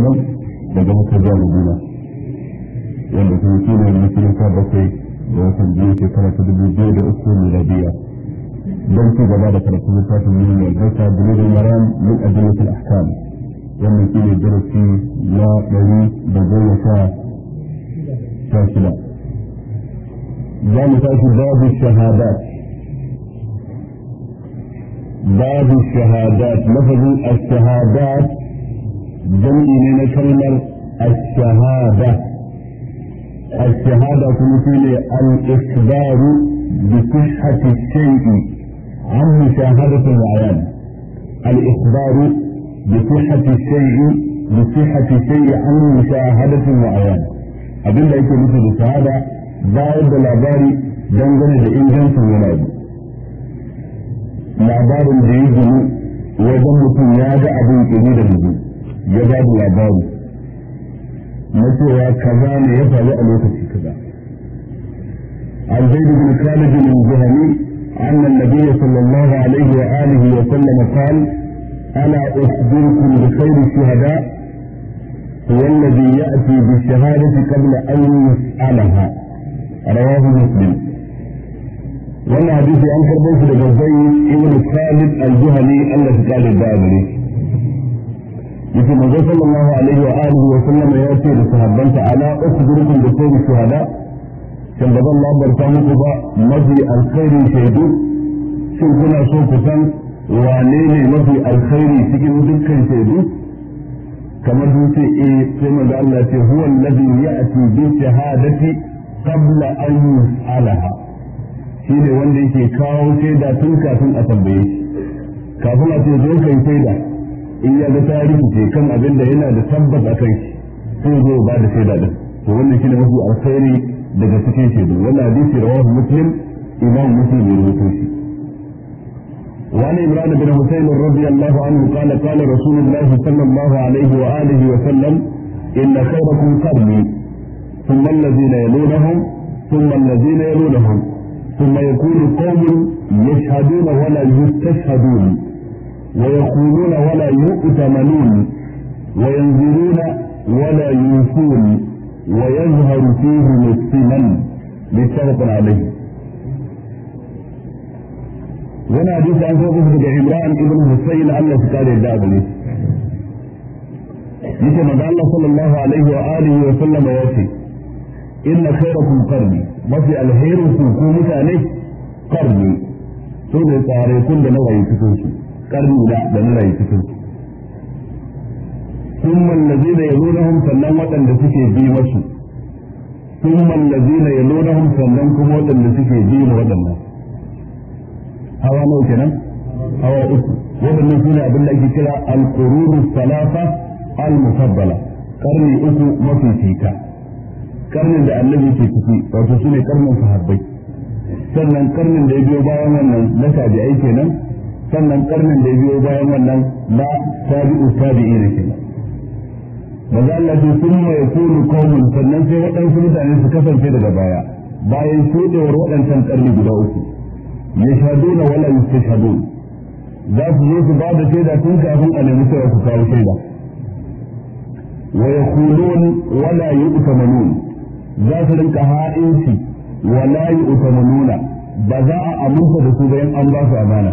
wasallam daga mutanen Madina wanda kuma shi ne mutum ta bakwai da watan biyu shekara ta dubu biyu da uku miladiya don ci gaba da karatun littafin ne mai gasa bulugul maram min adillatul ahkam wannan shi ne darasi na ɗari da goma sha sha shida za mu tashi babu shahadat باب الشهادات لفظ الشهادات jam'i ne na kalmar ash-shahada ash-shahada kuma shine al-ikhbaru bi sihhati shay'i an mushahadati al-ayan al-ikhbaru bi sihhati shay'i bi sihhati shay'i an mushahadati al-ayan abinda yake nufi da shahada bayar da labari dangane da ingancin wani abu labarin da ya gini wajen mutum ya ga abin kiri da mutum ya ba da labari na cewa kaza ne ya faru a lokaci kaza an zai da bin kalibin zuhani أن النبي صلى الله عليه وآله وسلم قال ألا أخبركم بخير الشهداء هو الذي يأتي بالشهادة قبل أن يسألها رواه مسلم wannan hadisi an karɓo shi daga zai ibn Khalid al-Juhani Allah yace manzo sallallahu alaihi wa alihi wa sallama ya ce da sahabbanta ala ukhbirukum bi sayyi shuhada shin ba zan labarta muku ba mafi alkhairi shaidu shin kuna so ku san wane ne mafi alkhairi cikin dukkan shaidu kamar sun ce eh sai manzo Allah ce huwa alladhi ya'ti bi shahadati qabla an yus'alaha shi ne wanda yake kawo shaida tun kafin a tambaye kafin a ce zo kai shaida in ya ga tarihi ce kan abin da yana da tabbas a kai sai zo ba da shaida din to wannan shine mafi alkhairi daga cikin shaidu wannan hadisi rawahu muslim imam muslim ya rawaito shi وعن عمران بن حسين رضي الله عنه قال قال رسول الله صلى الله عليه وآله وسلم إن خيركم قرني ثم الذين يلونهم ثم الذين يلونهم ثم يكون قوم يشهدون ولا يستشهدون ويقولون ولا يؤتمنون وينظرون ولا يوفون ويظهر فيه مسلما بشرط عليه وانا حديث عن فوق ابن عمران ابن حسين الله سكار الدابلي يقول ماذا الله صلى الله عليه وآله وسلم يأتي إن خيركم قرني ما في الخير في حكومة عليه قرني ثم يتعرفون بنوع يتكوشي karni da da na rayu cikin thumma allazina yalunahum sannan waɗanda suke bi masu thumma allazina yalunahum sannan kuma waɗanda suke bi mu waɗannan hawa nawa kenan hawa uku waɗannan sune abin da ake kira al-qurun salasa al-mufaddala karni uku mafi fita karnin da annabi ke ciki wato sune karnin sahabbai sannan karnin da ya biyo bayan wannan na tabi'ai kenan sannan karnin da biyo bayan wannan la tabi'u tabi'ina kenan maza Allah ce sun ma ya kuru sannan sai waɗansu mutane su kasance daga baya bayan shuɗewar waɗancan karni guda uku ya shaɗu na wala yi shaɗu za su zo su ba da shaida tun kafin a nemi su kawo shaida wa ya kulun wala yi utamanun za su rinka ha'inci wala yi utamanuna ba za a aminta da su bayan an ba su amana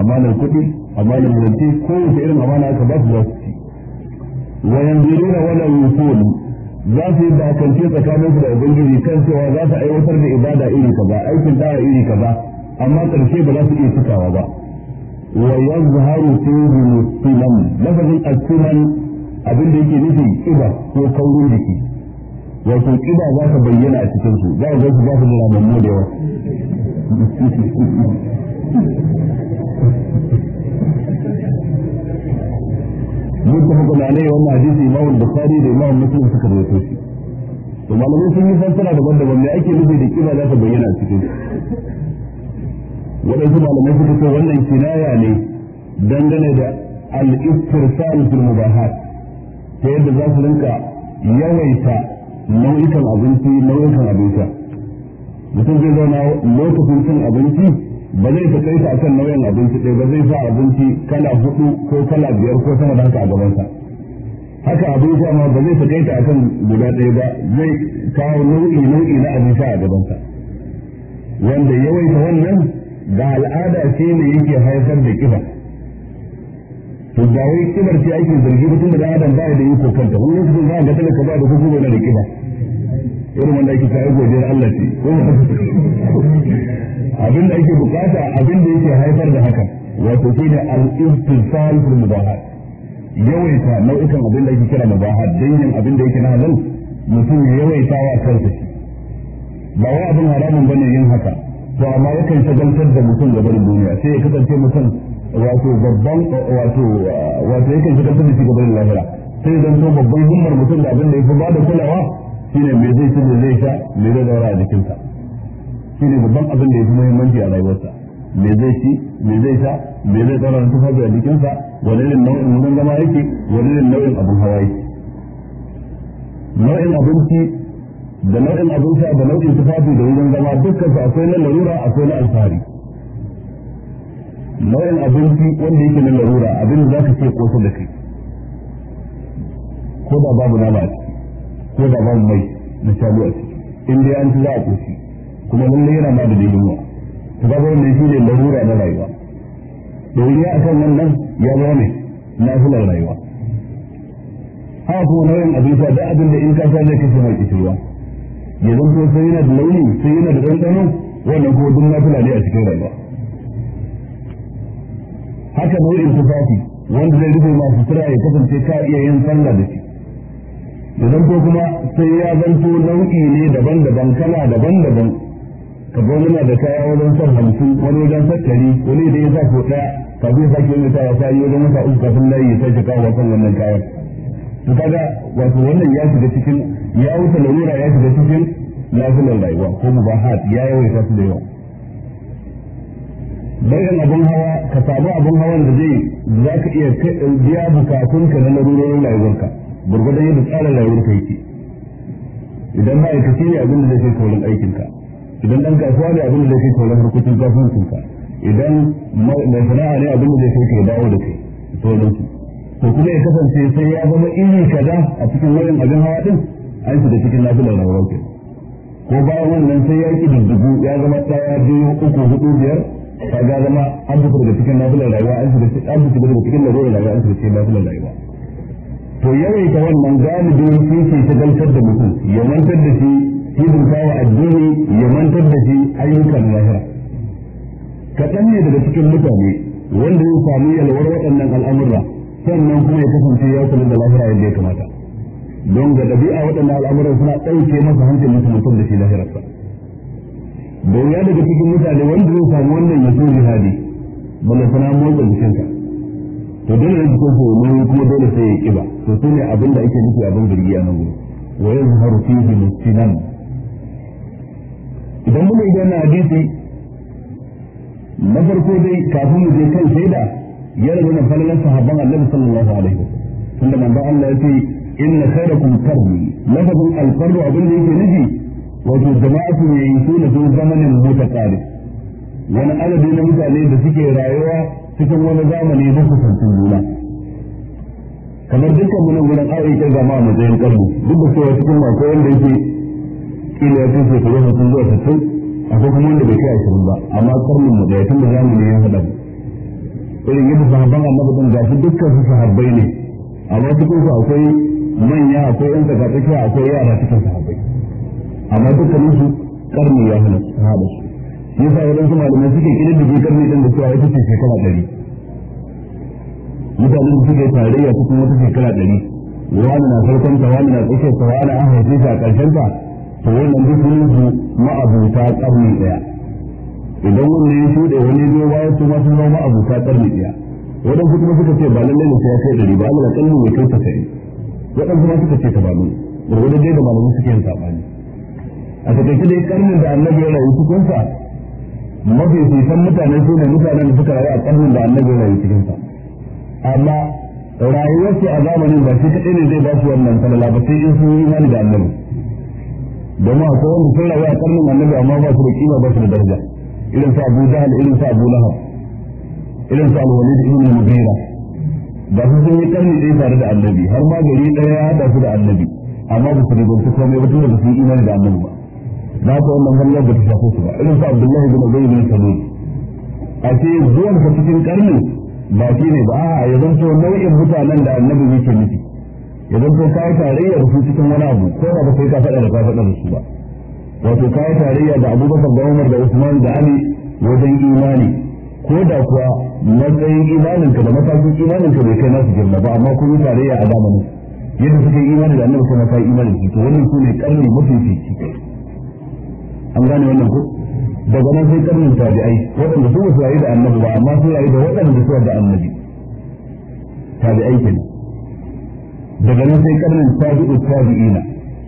amalan kuɗi amalan yanke ko wace irin amana aka ba su za su ci wa yanzuruna wala yusulu za su yi bakance tsakanin su da ubangiji kan cewa za su aiwatar da ibada iri kaza aikin da'a iri kaza amma karshe ba za su iya cikawa ba wa yazharu fihim sunan lafazin as abin da yake nufi kiba ko kaurin jiki wato kiba za ka bayyana a cikin su za ga su za su da yawa muttafaqun alayhi wannan hadisi Imam Bukhari da Imam Muslim suka rawaito shi to malamai sun yi fassara daban-daban me ake nufi da kiba za ta bayyana a cikin waɗansu malamai suka ce wannan kinaya ne dangane da al-istirsal fil mubahat ta yadda za su rinka yawaita nau'ikan abinci nau'ikan abinci mutum zai zauna lokacin cin abinci ba zai ta kai ta akan nauyin abinci ɗaya ba zai sa abinci kala hudu ko kala biyar ko sama da haka a gabansa haka abin sha ma ba zai ta kai ta guda ɗaya ba zai kawo nau'i nau'i na abin a gabansa wanda yawaita wannan ga al'ada ce ne yake haifar da kiba to ba wai kibar ce ake zargi ba tun da adam ba da iko kanta wani lokacin za a ga talaka ba da kuma da kiba irin wanda ake kawo gobe Allah ce abin da ake bukata abin da yake haifar da haka wato shi ne al-istifal fil mubahat yawaita nau'ikan abin da ake kira mubahat dangin abin da yake na halal mutum yawaita wa shi ba wai abin haramun bane yin haka to amma yakan shagaltar da mutum gaban duniya sai ya kasance mutum wato babban wato wato yakan shagaltar da shi gaban lahira sai zan so babban himmar mutum da abin da ya fi ba da kulawa shine me zai ci me zai sha me zai daura a jikinsa ne babban abin da ya fi muhimmanci a rayuwarsa me zai ci me zai sha me zai tsara su fasa a jikinsa wani irin nau'in wurin zama yake wani irin nau'in abin hawa yake nau'in abinci da nau'in abin sha da nau'in tufafi da wurin zama dukkan su akwai na larura akwai na alfahari nau'in abinci wanda yake na larura abin za ka ce su da kai ko da babu nama a ciki ko da babu mai na shalu a ciki in dai an ci za a koshi kuma lallai yana ma da daidawa ta ga shi ne larura na rayuwa doriya a kan wannan ya zama ne nafilar rayuwa haka kuma nau'in abin sa da abin da in ka sha zai kashe mai kishirwa ya zanto sai yana da launi sai yana da ɗanɗano wannan kuma duk na ne a cikin rayuwa haka nau'in tufafi wanda zai rufe masu tura ya kasance ka iya yin sallah da shi ya zanto kuma sai ya zanto nau'i ne daban-daban kala daban-daban ka zo muna da kaya wajen son hamsin wani wajen sattari wani da ya sa ko ɗaya ka zai sake yin ta wasa sa yi wajen masa uku kafin layi ya sake kawo wasan wannan kayan to kaga wato wannan ya shiga cikin ya wuce lalura ya shiga cikin lafiyar rayuwa ko mubahat ya yawaita su da yawa bayan abin hawa ka samu abin hawan da zai za ka iya biya bukatunka na larurorin rayuwarka gurgurdan yadda tsarin rayuwarka yake idan ma'aikaci ne abin da zai kai kaurin aikinka idan dan kasuwa ne abin da yake kai harkokin kasuwancin ka idan mai sana'a ne abin da yake ke dawo da kai sauran su to kuma ya kasance sai ya zama iri kaza a cikin wurin abin hawa din an shiga cikin nafilar rawar ke ko ba wannan sai ya yi diddigu ya zama tsaya biyu uku hudu biyar kaga zama an fita daga cikin nafilar rayuwa an shiga an fita daga cikin nafilar rayuwa an shiga cikin da rayuwa to yawaita wannan galibi shi ke shagaltar da mutum ya mantar da shi hidimta wa addini ya mantar da shi ayyukan lahira kaɗan ne daga cikin mutane wanda ya sami yalwar waɗannan al'amura sannan kuma ya kasance ya kula da lahira yadda ya kamata don ga ɗabi'a waɗannan al'amuran suna ɗauke masa hancin mutum mutum da shi lahirarsa don ya daga cikin mutane wanda zai sami wannan ya so jihadi balla sana motsa jikinka to dole ne jikin ko yi kuma dole sai ya ƙiba to sune abin da ake nufi abin birgiya nan gudu wa yazharu fihi mustinan idan mun idan na hadisi na farko dai kafin mu je kan shaida ya rabu na falalar sahabban Allah sallallahu alaihi wasallam tunda manzo Allah ya ce inna khayrakum qarni lafazin alqarru abin da yake nufi wato jama'atu ne yusuna dun zamanin mutaqarib wani adadi na mutane da suke rayuwa cikin wani zamani da su san juna kamar dukkan mun gurin aure ke zama mu zai karbu duk da cewa cikin akwai wanda yake ila ya kai shekaru hamsin zuwa sittin akwai kuma wanda bai kai ashirin ba amma karnin mu daya tunda zamu ne ya haɗa irin yadda sahabban annabi ga shi dukkan su sahabbai ne amma cikin su akwai manya akwai yan daga tsakiya akwai yara cikin sahabbai amma dukkanin su karni ya hana su haɗa su shi yasa wajen su malamai suke kiran da ke karni din da cewa ita ce shekara ɗari mutanen da suke tarayya su kuma wata shekara ɗari wani na farkon ta wani na tsakiyar ta wani an haife shi a ƙarshen ta to wannan dukkanin su ma'abuta karni daya idan wannan ya shuɗe wani biyo baya su ma sun zama ma'abuta karni daya waɗansu kuma suka ce ba lallai ne sai ya kai ɗari ba da kalli mai kai tasa'in waɗansu ma suka ce ta ba mun gurgurda dai da malamai suke yin saɓani a takaice dai karnin da annabi ya rayu cikinsa mafi fitan mutane su ne mutanen da suka rayu a karnin da annabi ya rayu cikinsa amma rayuwarsu a zamanin ba shi kaɗai ne zai ba su wannan falala ba sai in sun yi imani da annabi domin akwai wanda sun rayu a karnin annabi amma ba su da kima ba su da daraja irin su Abu Jahl irin su Abu Lahab irin su Al-Walid ibn Mughira da su sun yi karni ɗaya tare da annabi har ma gari ɗaya ya haɗa su da annabi amma ba su ribanci komai ba tun da su yi imani da annabi ba da haka wannan hanyar da ta shafe su ba irin su Abdullahi bin Ubay bin Salul a ce zuwan ka cikin karni ba shi ne ba a ya zanto nau'in mutanen da annabi yake nufi idan ko kai tarayya da su cikin wani abu ko ba sai ka faɗa da ka faɗa da su ba wato kai tarayya da abubakar da umar da usman da ali wajen imani ko da kuwa matsayin imaninka da matakin imaninka bai kai nasu girma ba amma kun tarayya a zamanin yadda suka imani da annabi kuma kai imani shi to wannan sune karni mafi fifi an gane wannan ko daga nan sai karnin tabi'ai waɗanda su su rayu da annabi ba amma su yi da waɗanda su da annabi tabi'ai kenan daga nan sai karnin tabi'u tabi'ina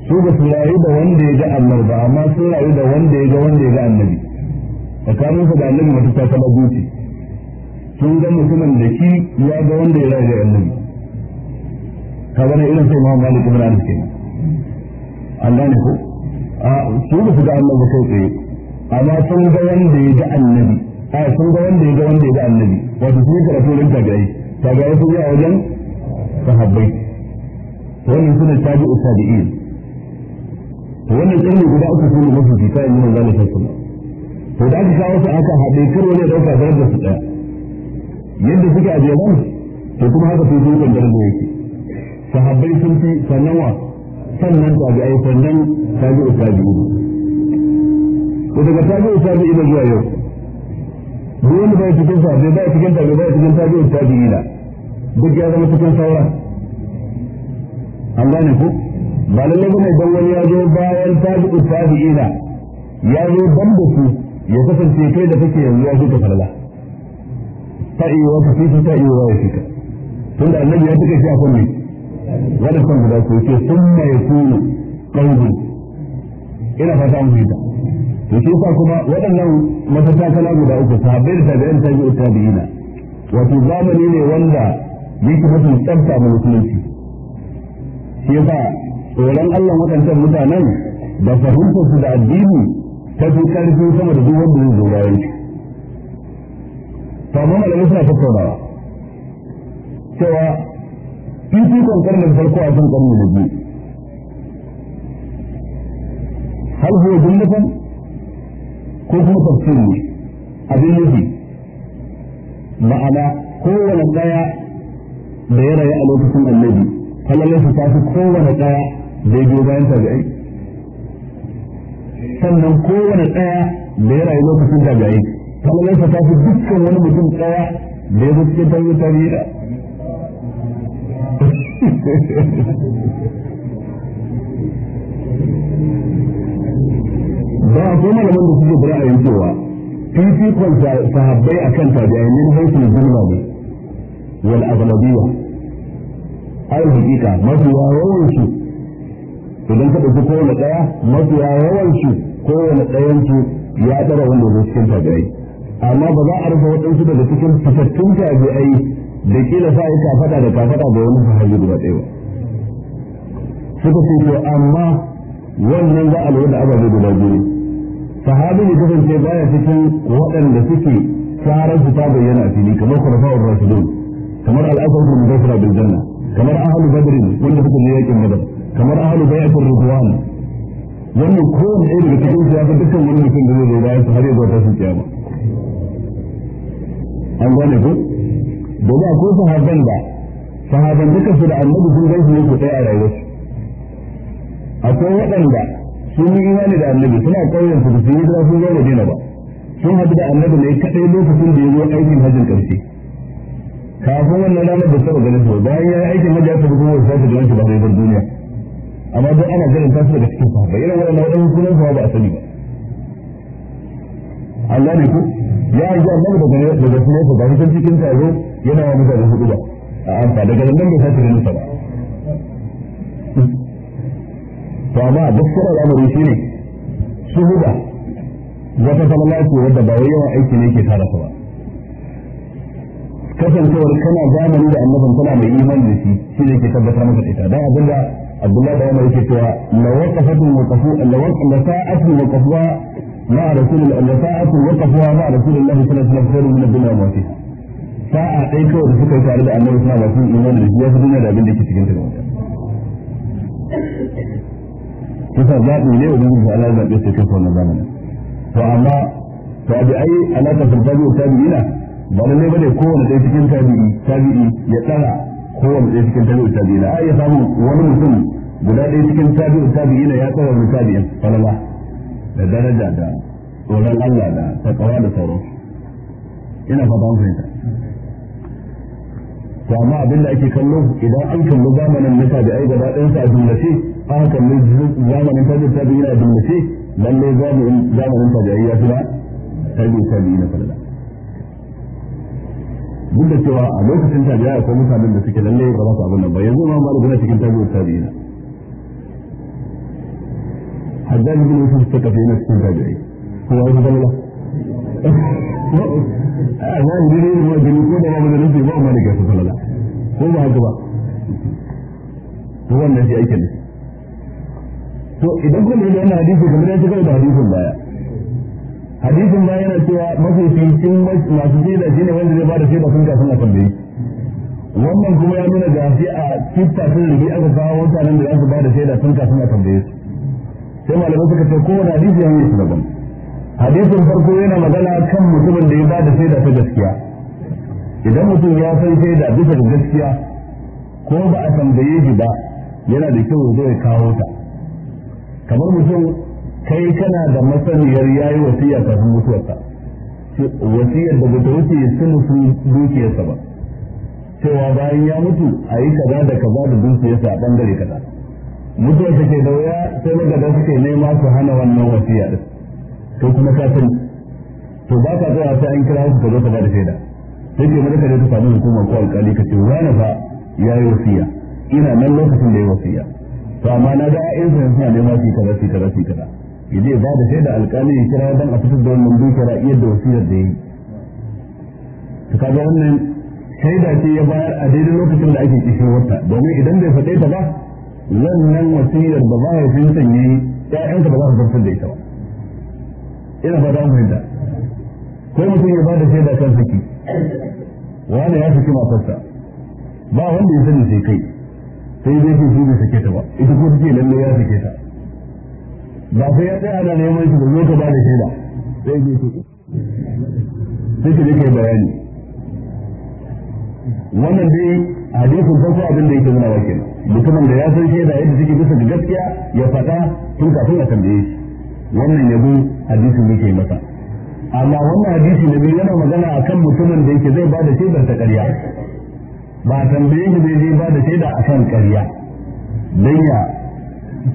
su ba su rayu da wanda ya ga annabi ba amma sun rayu da wanda ya ga wanda ya ga annabi tsakanin su da annabi mutum ta kama guci sun ga mutumin da shi ya ga wanda ya rayu da annabi ka wani irin sai Imam Malik ibn Anas kenan Allah ne ko a su ba su ga annabi sai tsaye amma sun ga wanda ya ga annabi a sun ga wanda ya ga wanda ya ga annabi wato sun yi karatu ta tabi'ai tabi'ai sun yi a wajen sahabbai wannan sune tabi'u tabi'in wannan kalmi guda uku sune mafi fita in mun zama sassan to da aka kawo su aka haɗe kar wani ɗauka zarar da su ɗaya yadda suke a jeban to kuma haka su sun kwantar da yake sahabbai sun fi sannan wa sannan tabi'ai sannan tabi'u tabi'in to daga tabi'u tabi'in zuwa yau duk wanda bai cikin sa bai cikin tabi'u bai cikin tabi'u tabi'ina duk ya zama cikin sauran an gane ku ba lalle bane dan wani ya zo bayan tabi'u tabi'ina ya zo ban da ku ya kasance kai da kake yanzu ya zo ka farla ta iya wa kafi ta iya wa ya fita da annabi ya tuka shi a kunne wani kan guda ko ce sun mai kunu kauru ina fata an fita to shi fa kuma waɗannan matakala guda uku sahabbai da tabi'in tabi'u tabi'ina wato zamani ne wanda yake mutum tsafta ma musulunci shi yasa tsoron Allah waɗancan mutanen da fahimtar su da addini ta fi karfin sama da duk wanda zai zo bayan shi kamar malamai suna tattaunawa cewa fifikon karnin farko a kan karni da biyu hal huwa jumlatan ko kuma tafsiri abin nufi ma'ana kowane daya da ya rayu a lokacin annabi falalar su ta fi kowane ɗaya daidai bayan tabi'ai sannan kowane ɗaya da ya rayu lokacin tabi'ai falalar su ta fi dukkan wani mutum ɗaya da ya zuke ta yi tarihi ba a kuma da wanda suke da ra'ayin cewa fifikon sahabbai akan tabi'ai min haifin zulma ne wal aghlabiyya ai mafiya yawan su idan ka dauki kowane ɗaya mafiya yawan su kowane ɗayan su ya ɗara wanda zai cikin tabi'ai amma ba za a rufe waɗansu daga cikin fitattun tabi'ai da kila sa yi kafada da kafada da wani sahabi guda ɗaya ba suka ce to amma wannan za a lura da ababe guda biyu sahabi ne kasance baya cikin waɗanda suke tsarar su ta bayyana a fili kamar kwalafa'ur rasulun kamar al'asar da mudasira bil janna kamar ahalu badrin wanda suka je yakin badar kamar ahalu ar ridwan wannan ko ne daga cikin su ya fi dukkan wani mutum da zai zo bayan su har ya ta sun kiyama an gane ba domin ko sahaban da sahaban duka su da annabi sun gan su ku ɗaya a rayuwarsu akwai waɗanda sun yi imani da annabi suna ƙauyen su da su yi sun zo ne ba sun haɗu da annabi ne kaɗai lokacin da ya zo aikin hajjin ƙarshe kafin wannan ranar da saba ganin su bayan ya yi aikin hajji aka kuma wasu sake ganin su ba zai bar duniya amma duk ana ganin tasiri da cikin sahabbai irin na wadannan sunan su ba a sani ba Allah ne ku ya yi annabi daga da daga sunan su ba su san cikin taro yana wa mutane hudu ba a amfa daga nan bai sake ganin sa ba to amma gaskiya ne shine shuhuda wata falala ce wadda ba yawan aiki ne ke tara ba kasancewar kana zamani da annabin kana mai imani da shi shi ne ke tabbatar maka ita dan abin da Abdullah da Umar yake cewa la waqafatu waqafu la waqafu la sa'atu waqafuha ma rasul la sa'atu waqafuha ma rasulullah sallallahu alaihi wasallam khairu min dunya wa fiha sa'a dai kawai da suka yi tare da annabi suna masu imani da shi ya fi duniya da abin da ke cikin ta kusa zaɓi ne wajen yin Allah zaɓe sai kafa wannan zamanin to amma to abi ai alaka sultani ta tabi'ina ba lalle bane kowanne ɗaya cikin tabi'i tabi'i ya tsara kowanne ɗaya cikin tabi'i tabi'i na ai ya samu wani mutum guda ɗaya cikin tabi'i tabi'i na ya tsara wani tabi'i falala da daraja da tsoron Allah da takawa da sauran ina fata an fahimta to amma abin da ake kallo idan an kallo zamanin na tabi'ai gaba ɗayan sa a jumlace an kallo zamanin tabi'i tabi'i na jumlace lalle zamanin tabi'ai ya fi na tabi'i tabi'i na falala duk da cewa a lokacin ya akwai mutanen da suke lalle ba za su abin nan ba yanzu ma malik yana cikin tabi'u tabi'ina haddad bin yusuf ta kafe yana cikin tabi'i ko wani zalla a nan gini ne ma gini ko da ba da nufi ba malik ya sallala ko ba haka ba to wannan shi aikin ne to idan kuma yana hadisi kamar yadda kai ga hadisin baya hadisin ba yana cewa mafi fincin masu shaida shi ne wanda zai ba da shaida sun kafin a tambaye wannan kuma ya nuna ga shi a cikin sun rubi aka kawo mutanen da za su ba da shaida sun kafin na tambaye su sai malamai suka ce kowane hadisi ya yi su daban hadisin farko yana magana kan mutumin da ya ba da shaida ta gaskiya idan mutum ya san shaida bisa da gaskiya ko ba a tambaye shi ba yana da kyau zai kawo ta kamar mutum kai kana da masaniyar yayi wasiya kafin mutuwarsa wasiyar da bata wuce sunusun dukiyarsa ba cewa bayan ya mutu a yi kaza da kaza da dukiyarsa a bangare kaza mutuwar take da wuya sai magada suke nema su hana wannan wasiya din to kuma ka san to ba ka zuwa sai an kira su ka zo ka bada shaida sai ke madaka da ta samu hukumar ko alkali ka ce wani fa ya yi wasiya ina nan lokacin da ya wasiya to amma na ga ƴaƴansa suna nema su yi kaza su yi kaza su yi kaza yaje ba da shaida alƙali ya kira dan a fitar da wannan dukiyar a iya da wasiyar da yi to kaga wannan shaida ce ya bayar a daidai lokacin da ake kishin wata domin idan bai faɗe ta ba wannan wasiyar ba za yi fi ƴaƴanka ba za su zartar da ita ba ina ba za mu da. ko mutum ya ba da shaida kan saki wani ya saki matarsa ba wanda ya sani sai kai sai dai shi ne sake ta ba ita ko take lalle ya sake ta ba sai ya tsaya da neman shi ba zo ka ba da shaida sai ke ce sai ka dake bayani wannan dai hadisin farko abin da yake nuna wa kenan mutumin da ya san shaida yadda take bisa ga gaskiya ya faɗa tun kafin a tambaye shi wannan yabo hadisin yake masa amma wannan hadisi na biyu yana magana akan mutumin da yake zai ba da shaidar ta ƙarya ba tambaye shi zai ba da shaida akan ƙarya dan ya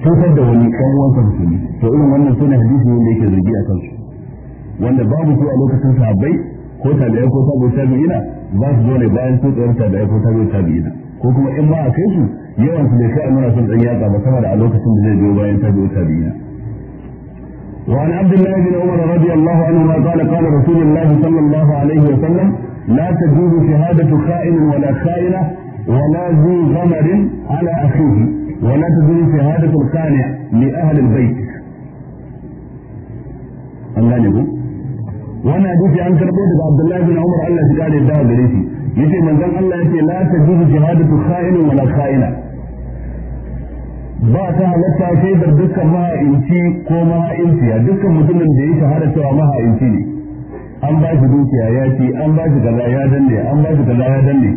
cutar da wani kan uwansa musulmi to irin wannan suna hadisi wanda yake zargi a kansu wanda babu su a lokacin sahabbai ko tabi'ai ko tabi'ai tabi'ina ba su zo bayan su tsayar tabi'ai ko tabi'ai tabi'ina ko kuma in ba a kai su yawan su bai kai a nuna son ɗan yaka ba sama da a lokacin da zai biyo bayan tabi'ai tabi'ina وعن عبد الله بن عمر رضي الله عنهما قال قال رسول الله صلى الله عليه وسلم لا تجوز شهادة خائن ولا خائنة ولا ذي غمر على أخيه ولا تدري شهادة القانع لأهل البيت الله يقول وانا حديثي عن كربيت عبد الله بن عمر الله تعالى يدعى بريسي يجي من ذن الله يتي لا تجيب شهادة خائن ولا خائنة ba ta halatta shaidar dukkan maha'inci ko maha'inciya dukkan mutumin da ya shahara cewa maha'inci ne an ba shi dukiya ya ci an ba shi kaza ya danne an ba kaza ya danne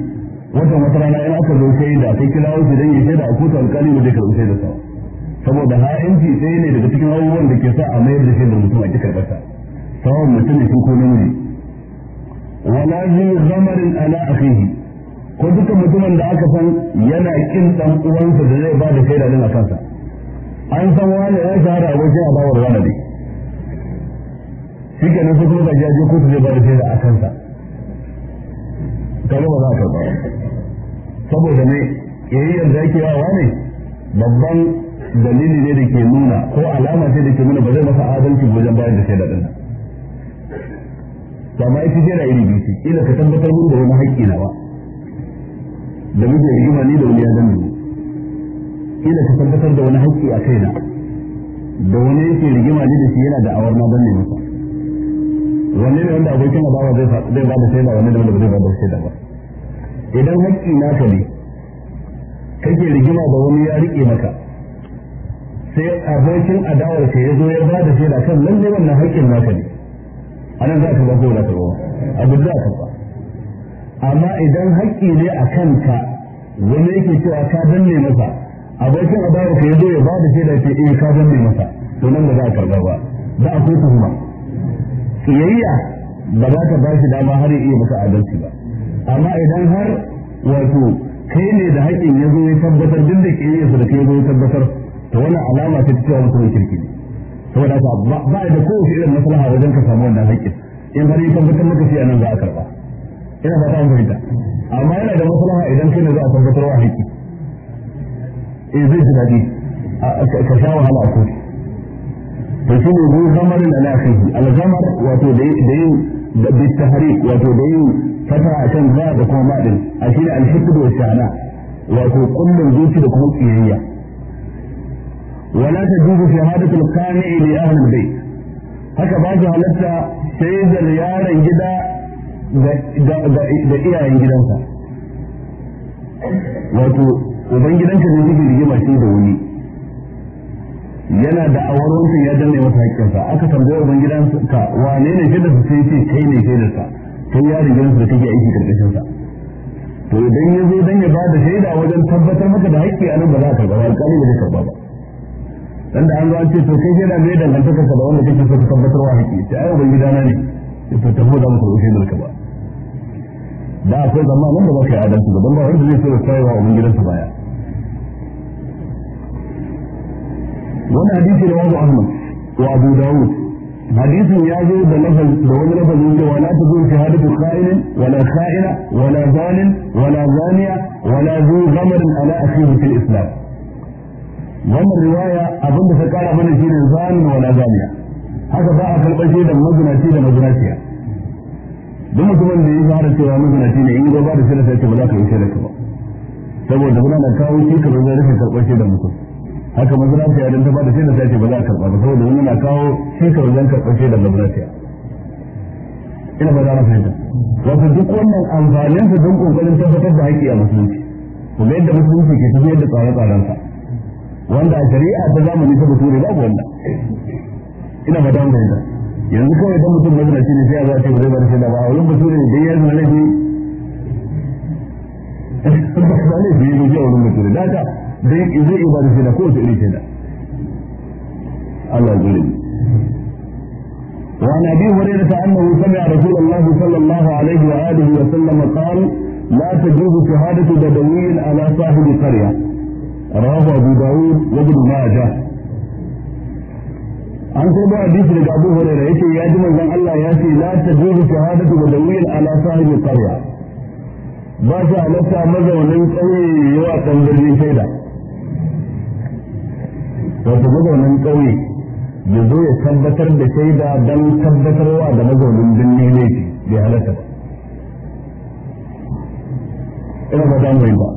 wata wata rana in aka zo sai da kai kira wasu dan yake da akuta alƙali ba zai karɓi sai da sa saboda inji sai ne daga cikin abubuwan da ke sa a mayar da shi da mutum a ki karɓar sa sawan mutum ne ko ne wala zai zamarin ala akhihi ko duka mutumin da aka san yana kin dan uwansa da zai ba da shaida din a kansa an san wani ya shahara a wajen a wani ne shi kenan su kuma ga ko kotu zai ba da shaida a kansa kaga ba za a karɓa saboda mai yayin da yake yawa ne babban dalili ne da ke nuna ko alama ce da ke nuna ba zai masa adalci wajen bayar da shaida din to amma ita da iri biyu ila ka tabbatar mun da wani haƙƙi nawa da muke rigima ni da wani ya danne ila ka tabbatar da wani haƙƙi a kaina da wani yake rigima ni da shi yana da awar na danne masa wanne ne wanda abokin adawa zai ba da shaida wanne ne wanda ba zai ba da shaida ba idan haƙƙi naka ne kake rigima ba wani ya riƙe maka sai abokin adawar ka ya zo ya ba da shaida kan lalle wannan haƙƙin naka ne anan za ka ba kowa za ka a abu za ka ba amma idan haƙƙi ne a kanka wani yake cewa ka danne masa abokin adawar ka ya zo ya ba da shaida ke eh ka danne masa to nan ba za a karba ba za a ko tuhuma kiyayya ba za ka ba shi dama har ya iya maka adalci ba amma idan har wato kai ne da haƙin ya zo ya tabbatar duk da ƙiyayyarsa da ke ya zo ya tabbatar to wani alama ce ta cewa mutumin kirki ne saboda ta ba da kowace irin maslaha wajen ka samu wannan haƙin in har yi tabbatar maka shi nan za a karɓa ina ba ta an fahimta amma yana da maslaha idan kai ne za a tabbatar wa haƙƙi eh zai ji daɗi ka sha wahala a kotu to shi ne zuwa zamarin alaƙihi alzamar wato da yin da yin wato da yin fasa a kan za da kuma maɗin a shi ne alhiqdu da shana wato kullum zuci da kuma tsiyayya wala tajuzu haɗu al-qami'i li ahli al-bayt haka ba su halatta sai da yaron gida da iyayen gidansa wato uban gidanka ne suke rigima shi da wani yana da awar ya danne masa haƙƙinsa aka tambaye uban gidansa wane ne shi da su sai ce kai ne shi da sa sai ya riga da take aiki karkashin sa to idan ya zo dan ya ba da shaida wajen tabbatar maka da haƙƙi a nan ba za ka ga alƙali ba zai karɓa ba dan da an zo an ce to kai shaida mai dangantaka ka da wanda kake so ka tabbatar wa haƙƙi sai ai gida na ne ya to tafi za mu karɓi shaidar ka ba da akwai nan da ba ka yi adalci ba don ba wanda zai so ya tsayawa ubangidansa baya wannan hadisi da wazo Ahmad wa Abu Dawud hadisin ya zo da lafaz da wani تكون cewa la takun shahadatu kha'inin wala kha'ina wala zalim wala zaniya wala zu ghamarin ala islam wannan riwaya abin da ta kara mana shine zalim wala zaniya haka ba a karɓar da mazinaci da mazinaciya duk mutumin da ya fara cewa mazinaci ne in ba da shaidar sai ce ba za ka yi ba saboda muna da kawo shi kamar zai rufe karɓar da mutum haka mazinaciya don ta bada shi ta ce ba za a karɓa ba saboda wani na kawo shi ka wajen shi shaidar mazinaciya ina ba za a fahimta wato duk wannan amfanin sa don ƙoƙarin tabbatar da haƙƙi a musulunci ku ga yadda musulunci ke tafiyar da tsare-tsaren sa wanda a shari'a ta zamani ta bature babu wannan ina ba za mu fahimta yanzu kawai dan mutum mazinaci ne sai a za a ce ba zai ba da shaida ba a wurin bature ne dai yanzu na laifi ba su ne a wurin bature da ta. dai zai iya bada shaida kowace irin shaida Allah وعن ابي هريره انه سمع رسول الله صلى الله عليه واله وسلم قال لا تجوز شهاده بدوي على صاحب قريه رواه ابو داود وابن ماجه an karbo hadisi daga Abu Hurairah yace ya ji manzon Allah ya ce la tajuzu shahadatu badawiyyin ala sahibi qarya ba su halatta mazaunin ƙauye yawa kan birnin shaida wato mazaunin ƙauye ya zo ya tabbatar da shaida don tabbatarwa da mazaunin birni laifi bai halatta ba ina ba damu ba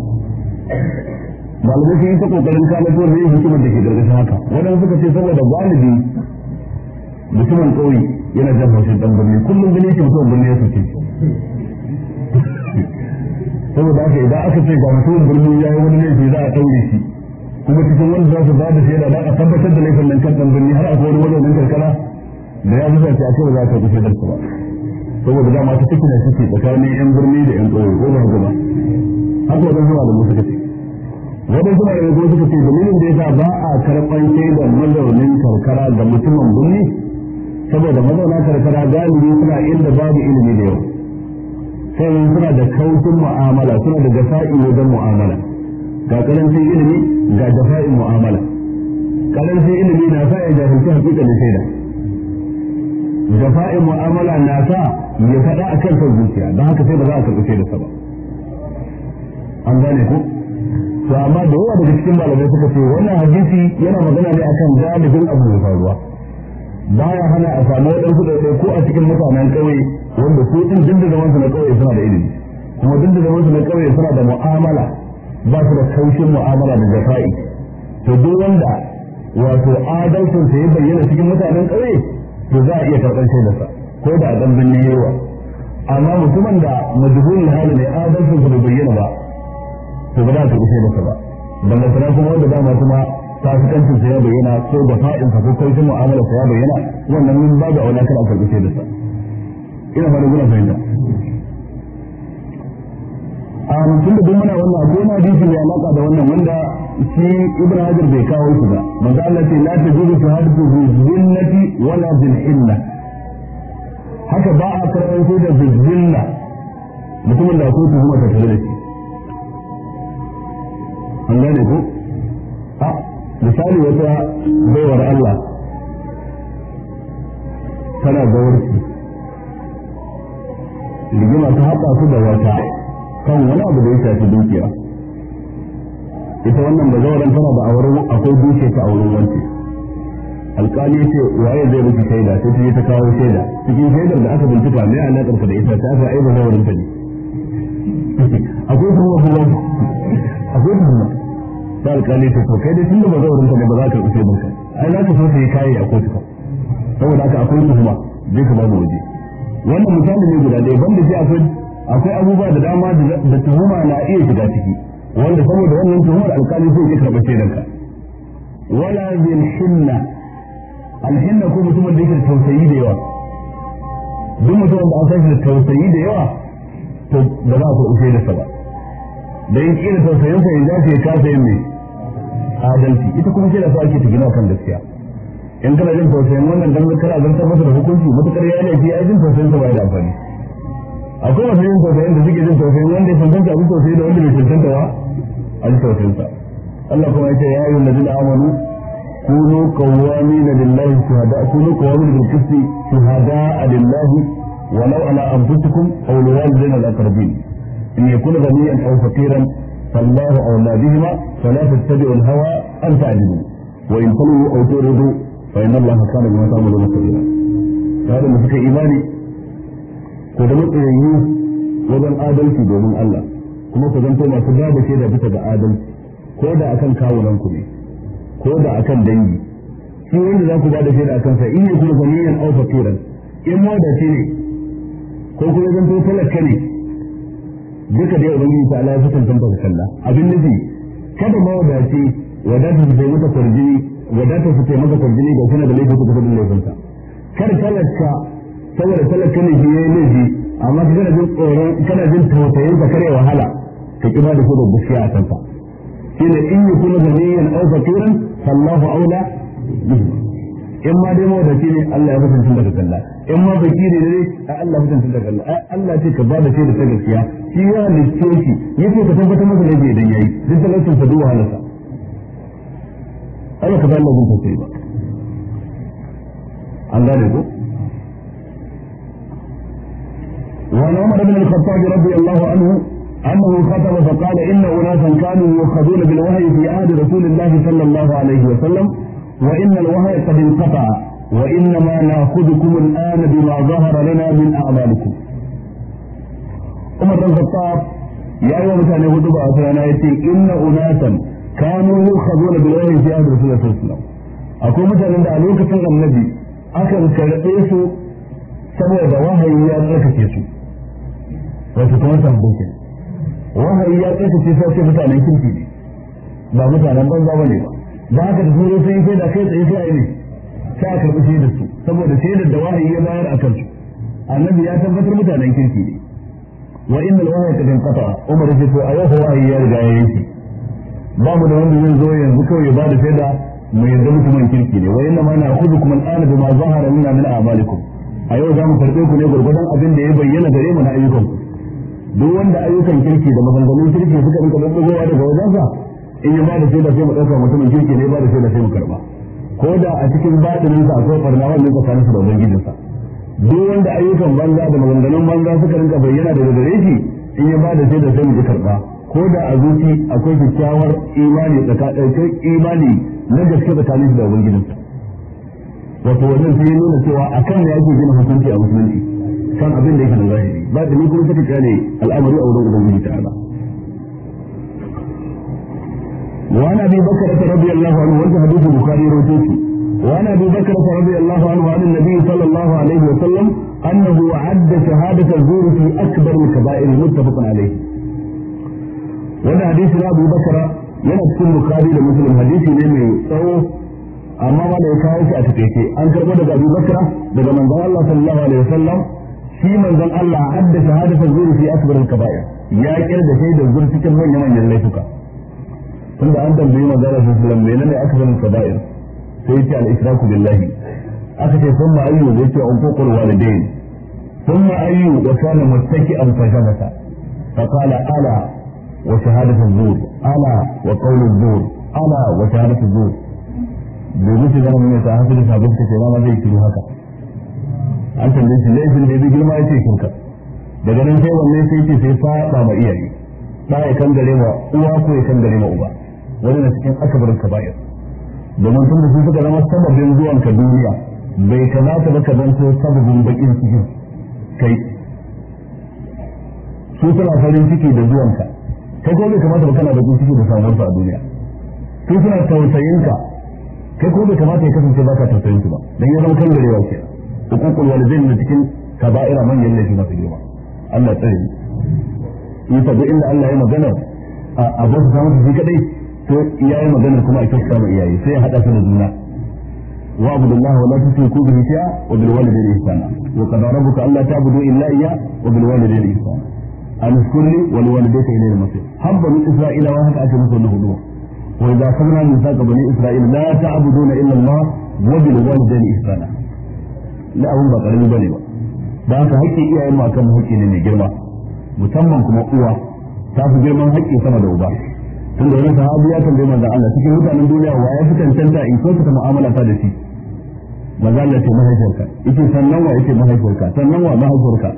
malamai sun yi ta kokarin kama ko zai hukumar da ke gargashin haka Wadanda suka ce saboda galibi mutumin ƙauye yana jan haushin ɗan birni kullum gani ke mutumin birni ya sauke. saboda haka idan aka ce ga mutumin birni ya yi wani laifi za a ɗaure shi kuma cikin wani za su ba da shaida da a tabbatar da laifin nan kan ɗanbirni har a kori wajen nan karkara da ya a ta cewa za ka kushe da su ba saboda dama ta cikin da suke tsakanin yan birni da yan ƙauye ko ba gaba haka wajen zuwa da musu kace wajen zuwa da musu suka ce dalilin da ya sa ba a karɓan shaidar mazaunin karkara da mutumin birni saboda mazauna karkara galibi suna inda babu ilimi da yawa sai suna da kautin mu'amala suna da gasa'i wajen mu'amala ga karancin ilimi ga jafa'in mu'amala karancin ilimi na sa ya jahilci sai shaida jafa'in mu'amala na sa ya faɗa a kan zuciya don haka sai ba za a karɓi shaida sa ba an gane ku to amma da yawa daga cikin malamai suka ce wannan hadisi yana magana ne akan galibin abu da faruwa Ba ya hana a samu waɗansu ɗaiɗai ko a cikin mutanen ƙauye wanda su ɗin dinda zamansu na ƙauye suna da ilimi kuma dinda zamansu na ƙauye suna da mu'amala ba su da kaushin mu'amala da jafa'i to duk wanda wato adalcin sa bayyana cikin mutanen ƙauye to za a iya karɓar sa ko da a ɗan ne yawa amma mutumin da majhulul hali ne adalcin sa bai bayyana ba to ba za a karɓi sa ba da masana kuma wanda ba ma kuma fasikancin sa ya bayyana ko fa'in sa ko kaushin mu'amala sa ya bayyana wannan mun babu aula kan a da sa. ina fara guna fahimta a tun da duk muna wannan akwai na hadisi mai alaka da wannan wanda shi ibn hajar bai kawo shi ba manzo Allah ce la tajuzu shahadatu bi zillati wala bil illa haka ba a karanto da zilla mutumin da akwai tuhuma ta tare da shi an gane ku. a misali wata baiwar Allah tana gawarci rigima ta haɗa su da wata kan wani abu da ya shafi dukiya ita wannan ba zauren tana da auren akwai dukiya ta auren wanci alƙali ya ce waye zai rufe shaida sai ta ta kawo shaida cikin shaidar da aka bincika me alaƙar da ita ta aka aiba zauren ta ne akwai kuma kuma akwai kuma ta alƙali ce to kai dai tunda ba zauren ta ne ba za ka kusa ba ai za ka so ta yi kayi a kotu saboda aka akwai kuma zai ka babu waje wannan misali ne guda ɗaya banda sai akwai akwai abubuwa da dama da tuhuma na iya shiga ciki wanda saboda wannan tuhumar alkali zai iya karɓar shaidanka wala bin hinna al ko mutum da yake da tausayi da yawa duk mutum da an sashi da tausayi da yawa to ba za a karɓi da ba da yin kila tausayinsa ya za ya kasa yin mai adalci ita kuma shaida sa ake tafi kan gaskiya in kana jin tausayin wannan dan kana zartar masa da hukunci matuƙar ya ke ya jin tausayin sa ba da amfani akwai masu yin tausayin da suke jin tausayin wanda ya cancanta abin tausayi da wanda bai cancanta ba a ji tausayinsa Allah kuma ya ce ya ayyuhal ladina amanu kunu qawwamina lillahi shuhada kunu qawwamina bil qisti shuhada lillahi walau ala anfusikum aw liwalidayni al aqrabin in yakuna ghaniyan aw faqiran فالله أولى بهما فلا تتبعوا الهوى أن تعجلوا وإن تلووا أو تعرضوا فإن الله كان بما تعملون خبيرا. هذا من فكر إيماني ku zama tsayayyu wajen adalci domin Allah kuma ku zanto masu babu shaida bisa ga adalci ko da akan kawunan ku ne ko da akan dangi shi wanda za ku ba da shaida akan sa in yakun ghaniyan aw fakiran in wadace ne ko kuma zanto talaka ne duka dai ubangiji ta Allah ya san ta kalla abin nufi kada ma wadace wadatar su taimaka farjini wadatar su taimaka farjini ga kuna da laifin ku kusa da laifinsa kar talaka saboda talaka ne shi yayi laifi amma kana jin tsoron kana jin tausayin ka kare wahala ka kiba da su da gaskiya a kanka ne in yakuna ghaniyan aw fakiran sallahu aula in ma dai shi ne Allah ya mutunta daga kalla in ma baki ne a Allah mutunta daga kalla Allah ce ka ba da da ta gaskiya shi ya halitta shi ce ka tabbatar masa laifi idan yi duk talaucin sa duk wahalarsa Allah ka ba Allah mutunta ba an gane ku. وعن عمر بن الخطاب رضي الله عنه أنه خطب فقال إن أناسا كانوا يؤخذون بالوحي في عهد رسول الله صلى الله عليه وسلم وإن الوحي قد انقطع وإنما نأخذكم الآن بما ظهر لنا من أعمالكم Umar dan Khattab ya yi wa mutane hudu ba a rana ya ce inna unasan kanu yukhazuna bil wahyi fi ahdi rasulullah sallallahu alaihi wasallam akwai mutanen da a lokacin annabi akan karɓe su saboda wahayi ya tsarkake su wato kuma foundation wahayi ya kasance sai mutanen kirki ne ba mutanen banza ba ne ba za haka da sun zo yi da kai tsaye sai a yi ne sai a karɓi shaidar su saboda shaidar da wahayi ya bayar a kansu annabi ya tabbatar mutanen kirki ne wa inna al-wahya qad inqata umar ya ce ayo wahayi ya riga ya yanki ba mu da wanda zai zo yanzu kawai ya ba da shaida mu yanzu mutumin kirki ne wa inna ma na kuma al-ana bima zahara minna min a'malikum a yau za mu karɓe ku ne gurgurdan abin da ya bayyana gare mu na ayyukanku duk wanda ayyukan kirki da maganganun kirki suka rinka daddagowa daga wajensa in ya ba da shaida sai mu ɗauka mutumin kirki ne ba da shaida sai mu karɓa ko da a cikin batininsa akwai barna wannan tsakaninsa da ubangijinsa duk wanda ayyukan banza da maganganun banza suka rinka bayyana daga gare shi in ya ba da shaida sai mu ji karɓa ko da a zuci akwai kyakkyawar imani tsakanin imani na gaske tsakanin da ubangijinsa wato wannan sai ya nuna cewa akan ne ake gina hukunci a musulunci kan abin da yake na zahiri ba da ni kuma take kyale al'amari a wurin ubangiji ta'ala وعن ابي بكر رضي الله عنه وانت حديث البخاري رويته وعن ابي بكر رضي الله عنه عن النبي صلى الله عليه وسلم انه عد شهاده الزور في اكبر الكبائر متفق عليه. وانا حديث ابو بكر yana cikin bukari da muslim hadisi ne mai tsawo amma ma da ya kawo shi a takaice an karbo daga Abu Bakra daga manzon Allah sallallahu alaihi wasallam shi manzon Allah hadda shahadatu zuri fi akbar al-kaba'ir ya kirda sai da zuri cikin manyan manyan laifuka tunda an tambayi manzon Allah sallallahu alaihi wasallam menene akbar al-kaba'ir sai yace al-israku billahi aka ce thumma ayyu an uququl walidain thumma ayyu wa kana muttaki'an an jamasa fa qala ala wa shahadatu zuri ala wa qawlu zuri ala wa shahadatu zuri bai mutu zama mai ta hasu da sabon ta ce ma zai shiru haka an tambaye shi laifin da ya girma ya ce shirka daga nan sai wannan sai ce sai saba ma iyaye ba ya kan gare ma uwa ko ya kan gare ma uba wani na cikin akabarin kaba'ir domin tun da sun suka zama sababin zuwan ka duniya bai kamata ba ka zanto sababin bakin cikin kai su suna farin ciki da zuwanka kai ko bai kamata ba kana bakin ciki da samuwar a duniya su suna tausayin ka kai ko bai kamata ya kasance ba ka tausayin su ba don ya zama kan garewa kenan hukukul walidain na cikin kaba'ira manyan laifi masu girma Allah tsare yi ta duk inda Allah ya magana a abin su samu su kadai to iyaye magana kuma a kyautata ma iyaye sai ya hada su da juna wa abudullahi wa la tushriku bihi shay'a wa bil walidayni ihsana wa qad rabbuka alla ta'budu illa iyyah wa bil walidayni ihsana al-kulli wal walidayni ilayhi al-masir Hamba min isra'ila wa haka aka musu wannan hudu وإذا أخذنا ميثاق بني إسرائيل illa تعبدون إلا الله وبالوالدين إحسانا na abun ba karami bane ba da haka hakki iyayen ma kan hakki ne mai girma musamman kuma uwa ta fi girman haƙƙi sama da uba tun da wani sahabi ya tambaye manzon Allah cikin mutanen duniya wa ya fi cancanta in so ta mu'amala ta da shi maza Allah ce mahaifarka yake sannan wa yake mahaifarka sannan wa mahaifarka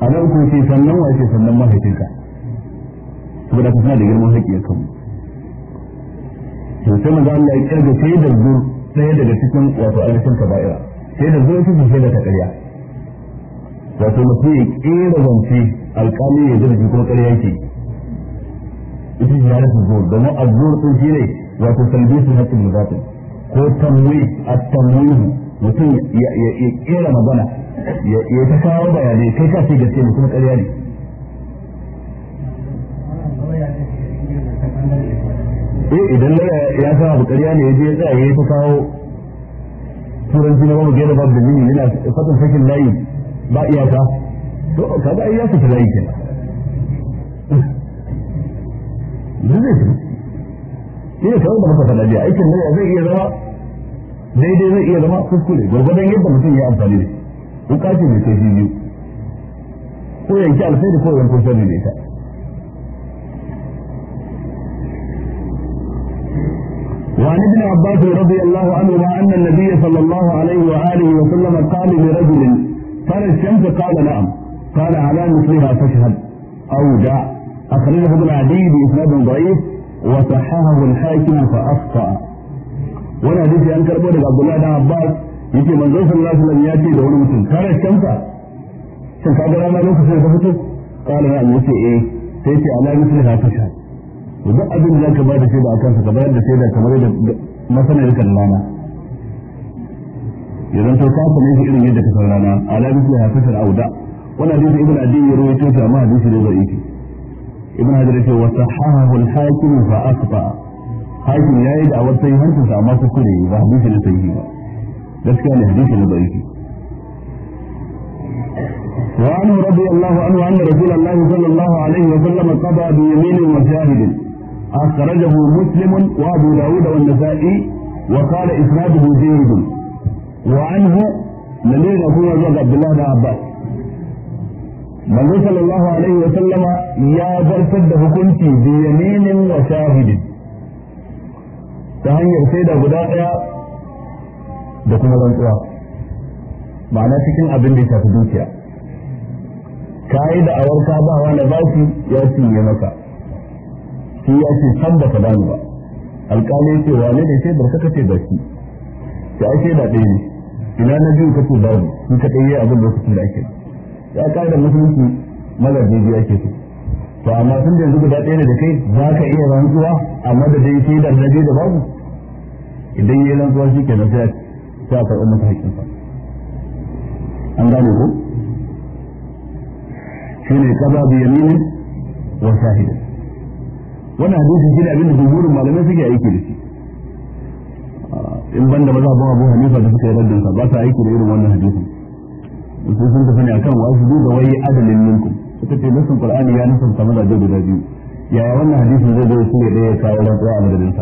a nan ko ce sannan wa yake sannan mahaifinka saboda ka suna da girman haƙƙi ya kanmu to sai manzon Allah ya kirga sai da zuwa ɗaya daga cikin wato ainihin kaba'ira sai da zai fi shaida ta ƙarya wato mutum ya ƙera zance alƙali ya zama kuma ƙarya yake ita shi yana su zuwa domin a zuwa sun shi ne wato salbe su haƙƙin muzatin ko tanwi a tanwihu mutum ya ƙera magana ya ta kawo bayanai kai ka ce gaske mutum ƙarya ne eh idan ya sa abu ƙarya ne ya je ya tsaya ya ta kawo turanci na babu gaira babu jini yana fatan sakin layi ba iyaka to ka ai iyaka ta layi ke ne kawai da muka faɗa biya aikin ne zai iya zama daidai zai iya zama kuskure gwargwadon yadda mutum ya amfani da su ce mai kaifi jini ko yanki alfai da ko yankin sani da ita وعن ابن عباس رضي الله عنه أن النبي صلى الله عليه وآله وسلم قال لرجل قال الشمس قال نعم قال على مثلها فاشهد أو جاء أخرجه ابن عدي بإسناد ضعيف وصححه الحاكم فأخطأ ولا حديث يعني أن كربون عبد الله بن عباس يجي من sallallahu الله wasallam ya ce da wani قال kare kanka shin ka ga rana lokacin da ta fito kala na yace eh to duk abin da ka bada shaida akan sa ka bayar da shaida kamar da masanar kan rana idan to ka kuma shi irin yadda ka san ala bisu hafisar auda wannan hadisi ibn adi ya rawaito shi amma hadisi ne da yake ibn hajar ya ce wa sahahahu al-hakim fa asfa hakim yayi da awar sai hancin sa amma kuskure ba hadisi ne sahihi ba gaskiya ne hadisi ne da yake وعنه رضي الله عنه أن رسول الله صلى الله عليه وسلم قضى بيمين وشاهد أخرجه مسلم وأبو داود والنسائي وقال إسناده جيد وعنه لم يكون زوج عبد الله بن عباس manzo sallallahu alaihi wa sallama ya zartar da hukunci bi yaminin wa shahidin ta hanyar sai da guda ɗaya da kuma rantsuwa ma'ana cikin abin da ya shafi dukiya ka yi da awar ka ba wani bashi ya cinye maka shi ya ce san ba ka bani ba alƙali ce wane ne sai barka kace ba shi sai ai da ɗaya ne ina na biyu kace ba ni shi ka ɗaya abin lokacin da ake ya ƙara musulunci mazaje biya ke su to amma tun da yanzu guda ɗaya ne da kai za ka iya rantsuwa amma da dai sai da na biyu da babu idan ya rantsuwa shi ke na sai a karɓi masa ka an gane ko shi ne kaza bi yaminin wa shahidin wannan hadisi shi ne abin da jumhurin malamai suke aiki da shi in banda ba za ba abu hanifa da suka yi raddin sa ba sa aiki da irin wannan hadisin su sun tafi ne akan wasu duk da wai adalin minkum suka ce nasin qur'ani ya nufin nasan da mazaje da biyu yaya wannan hadisin zai zo shi ne da ya kawo rantsuwa a madadin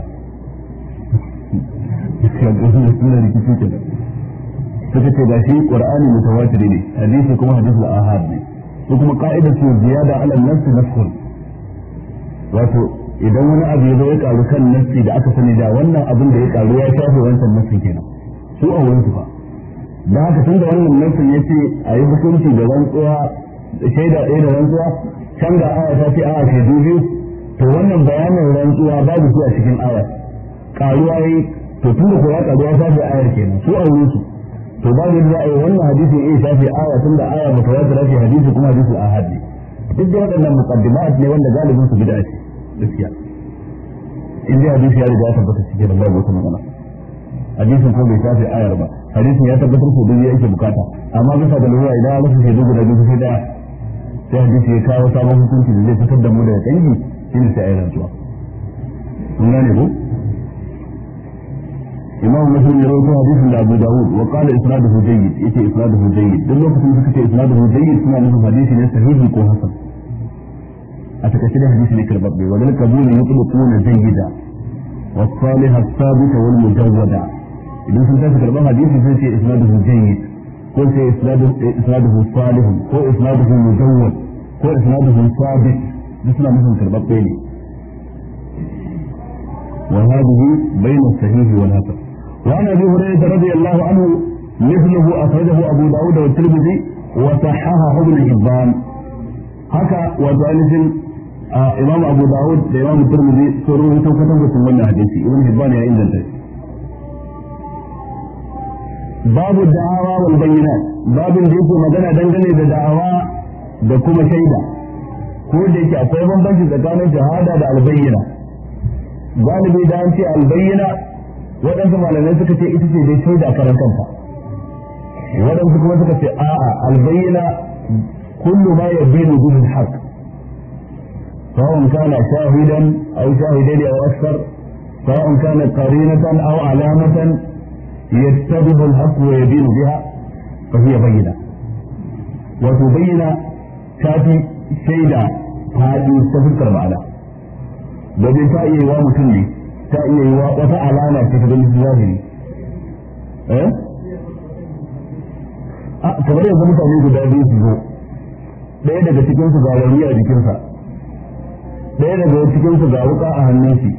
sa suka ce gashi qur'ani mutawatir ne hadisi kuma hadisul ahad ne ko kuma qa'idatu ziyada ala an-nafs nafsun wato idan wani abu ya zo ya karu kan nassi da aka sani da wannan abin da ya karu ya shafe wancan nassi kenan su a wurin su fa da haka tunda wannan nassin yace a yi hukunci da rantsuwa shaida ɗaya da rantsuwa can ga aya ta ce aya ce biyu to wannan bayanin rantsuwa babu su a cikin aya karuwa yi to tunda ko ya karuwa shafe ayar kenan su a wurin su to babu yadda za a yi wannan hadisi ya shafe aya da aya ba ta wata rafi hadisi kuma hadisi a hadisi duk da waɗannan muqaddimat ne wanda galibin su bid'a ce gaskiya in dai hadisi ya riga ya tabbata shi da babu wata magana hadisin ko bai shafi ayar ba hadisin ya tabbatar ko dai yake bukata amma bisa ga lura idan an rufe shi guda biyu sai da sai hadisi ya kawo sabon hukunci da zai fitar da mu daga kangi shi ne sai ayar rantuwa kun gane ko imam muslim ya rawaito hadisin da abu dawud wa qala isnaduhu jayyid yace isnaduhu jayyid duk lokacin da suka ce isnaduhu jayyid suna nufin hadisi ne sahihi ko hasan a takaice da hadisi ne karbabbe wa dal kabuli da zayyida wa salih as-sabit wal mujawwada idan sun tafi karban hadisi sai ce isnaduhu jayyid ko sai eh, isnaduhu salih ko isnaduhu mujawwad ko isnaduhu sabit duk suna musu karbabbe ne وهذه بين الصحيح والهفر وعن ابي هريره رضي الله عنه مثله اخرجه ابو داود والترمذي وصححه ابن حبان haka wato imam abu dawud da imam turmizi sun rubuta kwatankwacin wannan hadisi ibn hibban ya inganta babu da'awa wal bayyinat babin da yake magana dangane da da'awa da kuma shaida ko da yake akwai bambanci tsakanin shahada da albayyana galibi da an ce albayyana waɗansu malamai suka ce ita ce dai shaida karan kanta waɗansu kuma suka ce a'a albayyana kullu ma yabinu bil haqq سواء كان شاهدا او شاهدين او اكثر سواء كانت قرينة او علامة يتبه الحق ويبين بها فهي بينة وتبين كافي شيدا هذه تفكر معنا لكن تأيي ومسلم تأيي وتعلانا تتبين في الظاهر ايه أه, أه؟ كبير يقول لك أنه يقول لك أنه يقول لك أنه يقول لك أنه يقول لك ɗaya daga cikin su ga wuka a hannun shi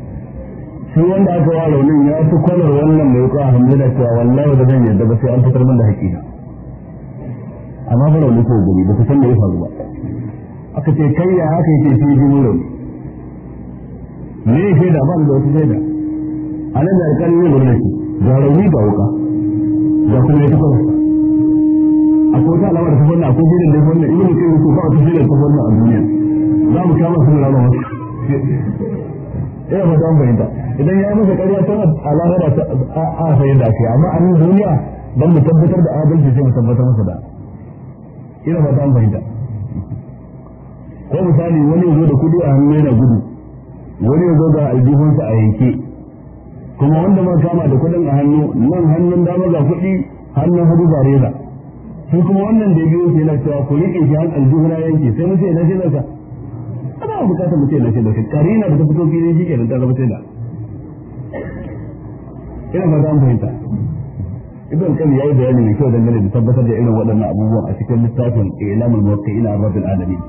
shi wanda aka wa raunin ya fi kwalar wannan mai wuka a hannun da cewa wallahi da zan yadda ba sai an fitar min da haƙiƙa amma ba raunin ko gari ba su san da ya faru ba aka ce kai ya haka yake shi ji wurin ne ya shaida ba da wata shaida a nan da alƙalin ne gwamnati ga rauni ga wuka ga kuma ya fi kwalar akwai wata alamar ta fanna akwai jirin da fanna ilimin kai ko ba wata da ta fanna a duniya za mu kama su da rama wasu ina ba ta fahimta idan ya yi masa ƙarya ta a lahira a fahimta amma an yi duniya don mu tabbatar da adalci sai mu tabbatar masa da ina ba ta fahimta ko misali wani ya zo da kudu a hannu yana gudu wani ya zo ga aljihunsa a yanke kuma wanda ma kama da kudin a hannu nan hannun dama ga kuɗi hannun hudu ga reza shi kuma wannan da biyu sai na cewa ku riƙe shi har aljihuna yanke sai mu ce na shi nasa ba bukatar mutum na shaida kare na da ta fito filin shi kenan ta zama shaida ina ba za mu fahimta ibn kan yayi bayani mai kyau dangane da tabbatar da irin waɗannan abubuwan a cikin littafin ilamul muwaqqi'in ila rabbil alamin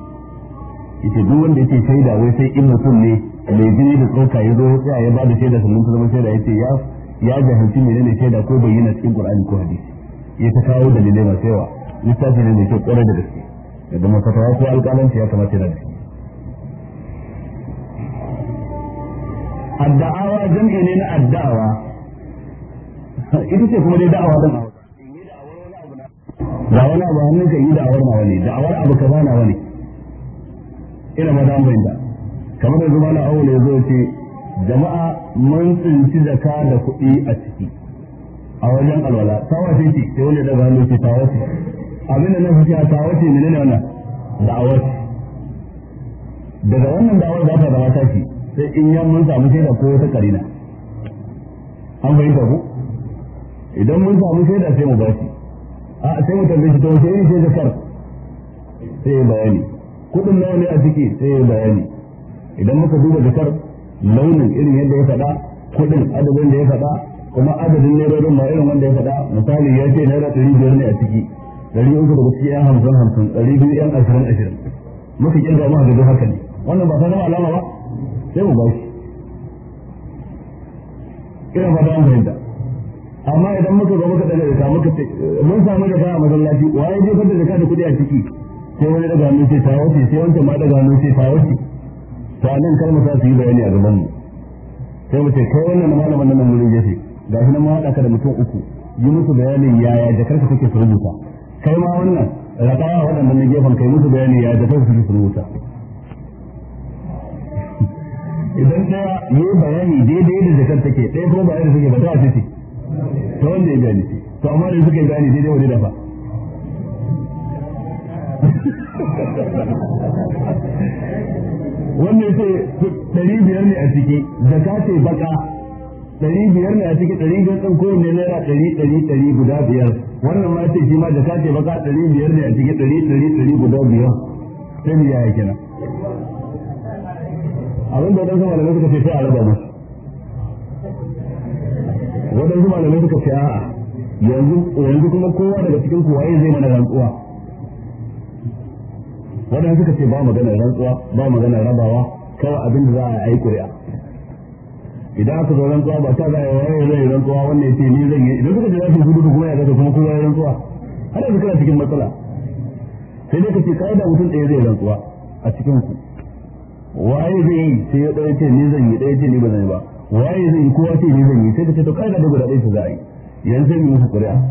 yace duk wanda yake shaida wai sai in mutum ne mai jini da tsoka ya zo ya ya ba da shaida sannan ta zama shaida yace ya ya ne ne shaida ko bayyana cikin qur'ani ko hadisi ya ta kawo dalilai masu yawa littafin ne mai kyau kwarai da gaske da kuma fatawa ko alƙalanci ya kamata yana da adda'awa jam'i ne na addawa ita ce kuma dai da'awa don awa ga wani abu hannun ka yi da'awar ma wani da'awar abu ka bana wani ina ma dan bayyana kamar da zuma na aure zo ce jama'a mun tsinci zaka da kuɗi a ciki a wajen alwala tawa ce ce sai wani daga hannun ce tawa ce abin na fi a tawa ce menene wannan da'awar daga wannan da'awar za ta zama tashi sai in yan mun samu shaida ko ta karina an fahimta ku idan mun samu shaida sai mu bashi a sai mu tambaye shi to sai ne sai zakar sai ya bayani kudin nawa ne a ciki sai ya bayani idan muka duba zakar launin irin yadda ya faɗa kudin adadin da ya faɗa kuma adadin nairorin ma irin wanda ya faɗa misali ya ce naira ɗari biyar ne a ciki ɗari uku da ciki yan hamsin hamsin ɗari biyu yan ashirin ashirin muka kirga mu a gaba haka ne wannan ba ta zama alama ba sai mu ba shi ina fata an fahimta amma idan muka zo muka daga jaka muka ce mun samu jaka a masallaci waye je fadda jaka da kuɗi a ciki sai wani daga hannun sai ta wuce sai wancan ma daga hannun sai ta wuce to a nan kar mu sa su yi bayani a gaban mu sai mu ce kai wannan malaman nan mun je shi gashi nan ma haɗa ka da mutum uku yi musu bayanin yaya jakar ka take su rubuta kai ma wannan rakawa waɗannan na gefen kai musu bayanin yaya jakar ka take su rubuta idan ɗaya ya yi bayani daidai da zakar take ɗaya kuma bayani suke ba ta ce ta wanda ya gani to amma da suka gani daidai wani dafa wanda ya ce ɗari biyar ne a ciki zaka ce baka ɗari biyar ne a ciki ɗari biyar ɗin kowanne naira ɗari ɗari ɗari guda biyar wannan ma ce shi ma zaka ce baka ɗari biyar ne a ciki ɗari ɗari ɗari guda biyar sai ya yi kenan abin da wadansu malamai suka ce sai a raba musu wadansu malamai suka ce a'a yanzu yanzu kuma kowa daga cikin ku waye zai mana rantsuwa wadansu suka ce ba magana rantsuwa ba magana rabawa kawai abin da za a yi ƙuri'a idan aka zo rantsuwa ba ta zai wa yi waye zai rantsuwa wannan ya ce ni zan yi idan suka ce za su gudu kuma ya zata kuma kowa ya rantsuwa har yanzu kana cikin matsala sai dai ka ce da mutum ɗaya zai rantsuwa a cikin ku waye zai yi sai ya ɗaya ce ni zan yi ɗaya ce ni ba zai yi ba waye zai yi kowa ce ni zan yi sai ka ce to kai da guda ɗaya su za a yi yanzu sai yi musu ƙuri'a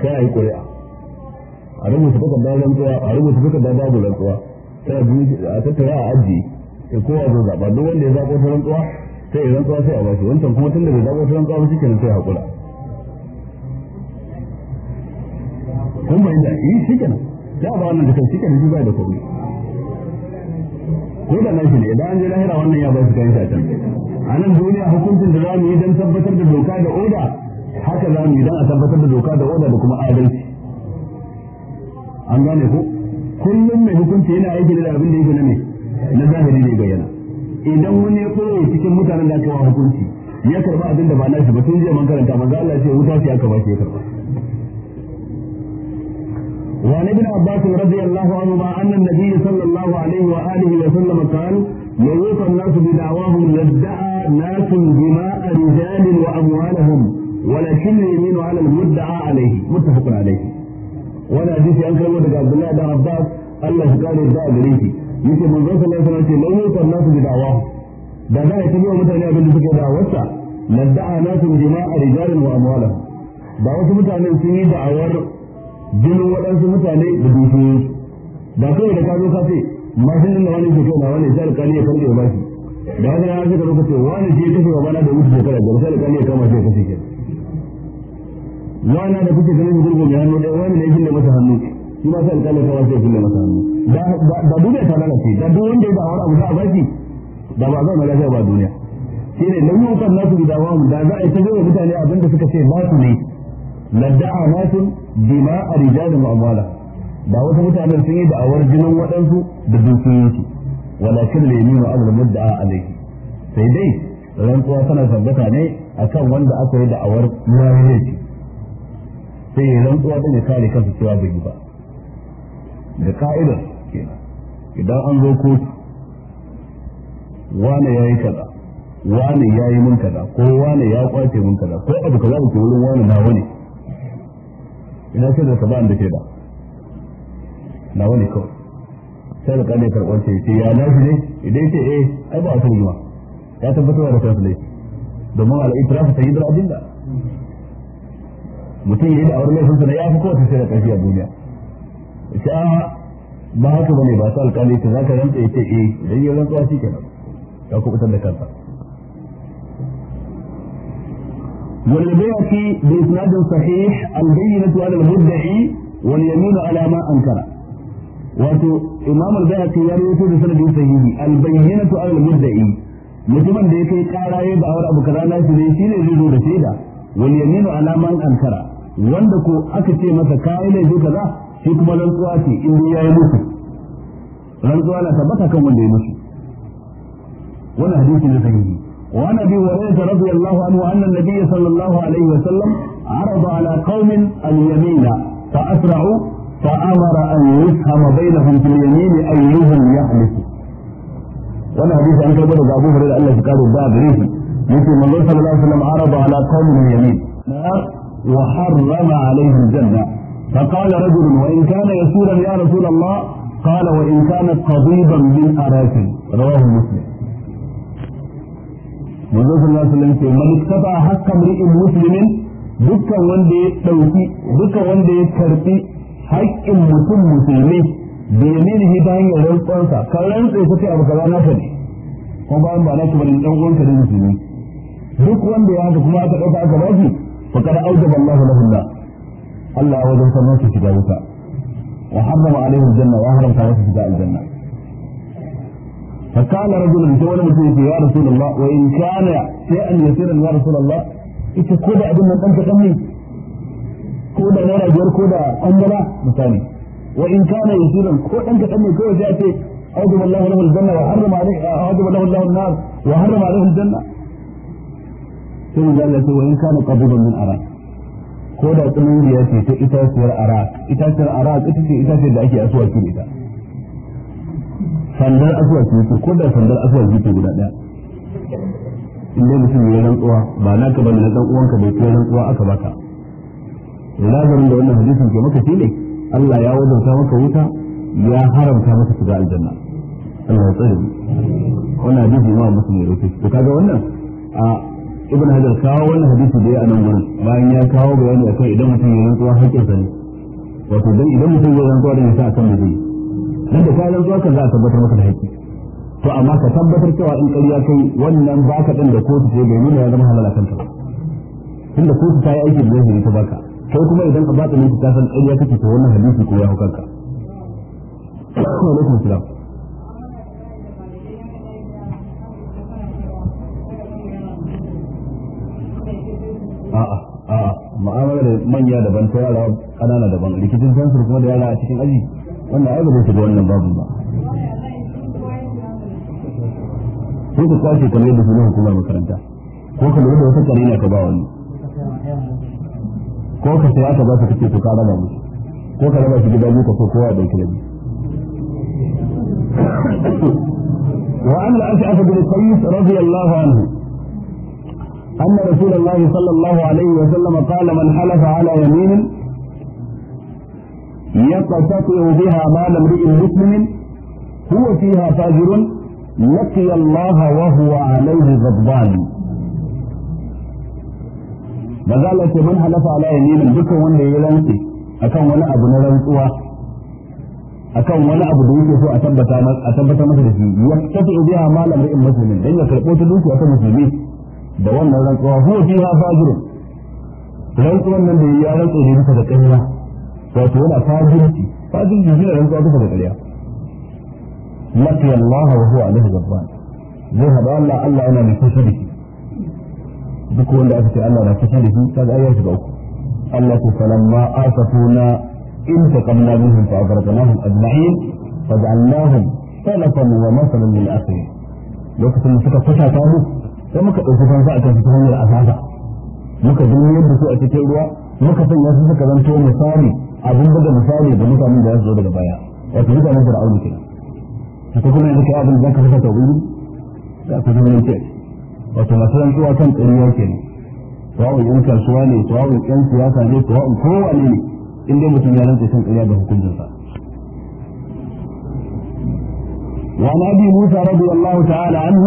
sai a yi ƙuri'a a rubuta kuka da rantsuwa a rubuta kuka da babu rantsuwa sai a tattara a aji sai kowa zai zaɓa duk wanda ya zaɓo ta rantsuwa sai ya rantsuwa sai a bashi wancan kuma tun da bai zaɓo ta rantsuwa ba shike kenan sai haƙura kun bayyana yi eh, shike kenan ya ba wannan da kai shike ne shi zai da komai ko da nashi ne idan an je lahira wannan ya ba su kayan shatan a nan duniya hukuncin da za mu yi don tabbatar da doka da oda haka za mu yi don a tabbatar da doka da oda da kuma adalci an gane ko kullum mai hukunci yana aiki da abin da yake na ne na zahiri ne bayyana idan wani ya koyo cikin mutanen da aka wa hukunci ya karba abin da ba nashi ba sun je man karanta manzo Allah ya ce wuta ce aka ba shi ya karba وعن ابن عباس رضي الله عنهما أن النبي صلى الله عليه وآله وسلم قال لو يوصى الناس بدعواهم لادعى ناس دماء رجال وأموالهم ولكن اليمين على المدعى عليه متفق عليه وانا حديث أنكر عبد الله بن عباس الله قال يدعى بريتي yake manzon sallallahu alaihi wasallam ce lai yusan nasu bi da'wa da za a ci wa mutane abin da suke da'awarsa ladda'a nasu jima'a rijalin wa amwalahum ba wasu mutanen sun yi da'awar jinin waɗansu mutane da dukiyoyi ba kai da ka zo ka ce mashin din wani ke kai na wani sai alƙali ya karɓe ba shi da haka ya shiga lokaci wani ke kashe wa bana da wuce shekara da sai alƙali ya kama shi ya kashe shi wani da kuke ganin gurgu mai hannu ɗaya wani ne yi gina masa hannu shi ma sai alƙali ya kama shi ya gina masa hannu da duniya ta lalace da duniya wanda ya da wani abu za a baki da ba zai mai lafiya ba duniya shi ne kan nasu da dawa da za a yi ta zai mutane abinda suka ce ba su ne ladda'a masu dima a rijalin wa amwala da wasu mutanen sun yi da'awar jinin waɗansu da dukiyoyinsu walakin la yaminu amrul mudda'a alayhi sai dai rantsuwa tana tabbata ne akan wanda aka yi da'awar yayi sai rantsuwa din ya kare kansa cewa bai yi ba da ka'idar kenan idan an zo kotu wane yayi kaza wane yayi mun kaza ko wane ya kwace mun kaza ko abu kaza ke wurin wane na wani ina sai da ka ba da ke da na wani ko sai da kane karɓar ce ce ya nashi ne idan ce eh ai ba a san ya tabbatarwa da kansu ne domin al'itirafu ta yi da abin da mutum yi da awar laifinsa na ya fi kowace sai da ƙarfi a duniya ce a ba haka bane ba su alƙalai ta za ka rantsa ya ce eh idan ya rantsuwa shi kenan ya kubutar da kansa والبيعة بإسناد صحيح البينة على المدعي واليمين على ما أنكر wato imam al-bayhaqi ya rawaito da sanadin sahihi al-bayyinatu muddai mutumin da yake kara yayi da'awar abu kaza na shi ne shine zai zo da shaida wal yaminu ala ankara wanda ko aka ce masa kayan ne zai kaza shi kuma rantsuwa ce in ya yi musu rantsuwa na tabbata kan wanda ya musu wannan hadisi ne sahihi وعن ابي هريره رضي الله عنه ان النبي صلى الله عليه وسلم عرض على قوم اليمين فاسرعوا فامر ان يسهم بينهم في اليمين ايهم يحلف. وانا حديث عن كبر ابو هريره الله سبحانه وتعالى بريحي يقول من صلى الله عليه وسلم عرض على قوم اليمين وحرم عليهم الجنه فقال رجل وان كان يسورا يا رسول الله قال وان كان قضيبا من اراك رواه مسلم manzo sallallahu alaihi wasallam ce man kafa hakkan ri'in muslimin dukkan wanda ya dauki dukkan wanda ya karbi haƙƙin mutum musulmi da yaminihi ta hanyar rantsuwansa kan rantsa ya ce abu kaza na ne ko bayan ba naki bane ɗan uwanka da musulmi duk wanda ya haka kuma aka ɗauka aka baki fa kada aujaba Allahu lahu Allah Allah wajen sanin shi shiga wuta wa harrama alaihi aljanna wa haramta masa shiga aljanna فقال رجل تولى مسيح يا رسول الله وإن كان شيئا يسيرا يا رسول الله ita ko da abin nan ɗan ne ko da naira biyar ko da ƙwandala misali wa in kana yusiran ko ɗan ne kawai sai a ce أوجب الله له الجنة وحرم عليه أوجب له الله النار sai عليه الجنة ثم قال له وإن كان قبضا min أراك ko da tsanuri ya ce ta itaciyar ita itaciyar arak ita ce da ake asuwa ita sandar aswaki yake ko da sandar aswaki yake guda daya in dai mutum ya rantsuwa ba na ka bane na dan uwanka bai ko rantsuwa aka baka lazarin da wannan hadisin ke maka shine Allah ya wajauta maka wuta ya haramta maka shiga aljanna Allah ya tsare wannan hadisi ma musulmi ya rufe to kaga wannan a ibn hajar kawo wannan hadisi da ya anan gurin bayan ya kawo bayani akan idan mutum ya rantsuwa hakkin sa ne wato dan idan mutum ya rantsuwa da ya sa akan mutum nan da kayan zuwa kan za a tabbatar maka da haƙƙi to amma ka tabbatar cewa in ƙarya kai wannan baka ɗin da kotu ce bai nuna ya zama halala kanta ba tunda kotu ta yi aiki da zai ta baka kai kuma idan ka bata ne ta san ƙarya kake to wannan hadisi ko ya hau kanka a'a a'a ma'amala da manya daban ta yara ƙanana daban rikicin sansur kuma da yara a cikin aji هم عبروا في جوانا باب الله كنت قاسي كان يدو في نوه كلها مكرم تا كوكا مرد وفتا لينا كباو لي كوكا سياسة باسا كتير تقالا لهم كوكا لما في جبال يوكا فوقوا بيكرم وعن الأشعة بن القيس رضي الله عنه أن رسول الله صلى الله عليه وسلم قال من حلف على يمين يستطيع بها مال امرئ مسلم هو فيها فاجر لقي الله وهو عليه غضبان za a ce man halafa ala yaminin dukkan wanda ya rantse akan wani abu na rantsuwa akan wani abu da yake so a tabbata a tabbata masa da shi ya tafi biya malam ra'in muslimin dan ya karbo ta dukiya ta musulmi da wannan rantsuwa huwa fiha fajirun rantsuwan nan da ya rantsa ne bisa da kaina wato yana fajirci fajirci shi ne rantsuwa kusa da ƙarya laqiya Allah wa huwa alaihi gabban zai haɗa Allah Allah yana mai kusa da shi duk wanda aka ce Allah na kusa da shi kaga ai ya shiga uku Allah a falamma asafuna in taqamna minhum fa aghraqnahum ajma'in faj'alnahum salafan wa masalan lil akhirin lokacin da suka kusa ta mu sai muka ɗauki fansa a kan su ta hanyar asasa muka duniyar yadda su a cikin ruwa muka sanya su suka zanto misali abin buga misali da mutanen da za su zo daga baya wato mutanen da ra'auni kenan haka kuma yanzu kai abin da zaka saka ubangiji za ka zama ne wato masu rantsuwa kan tsariya kenan sawa'un yan kasuwa ne sawa'un yan siyasa ne sawa'un kowane ne in dai mutum ya rantsa kan tsariya da hukuncinsa وعن ابي موسى رضي الله تعالى عنه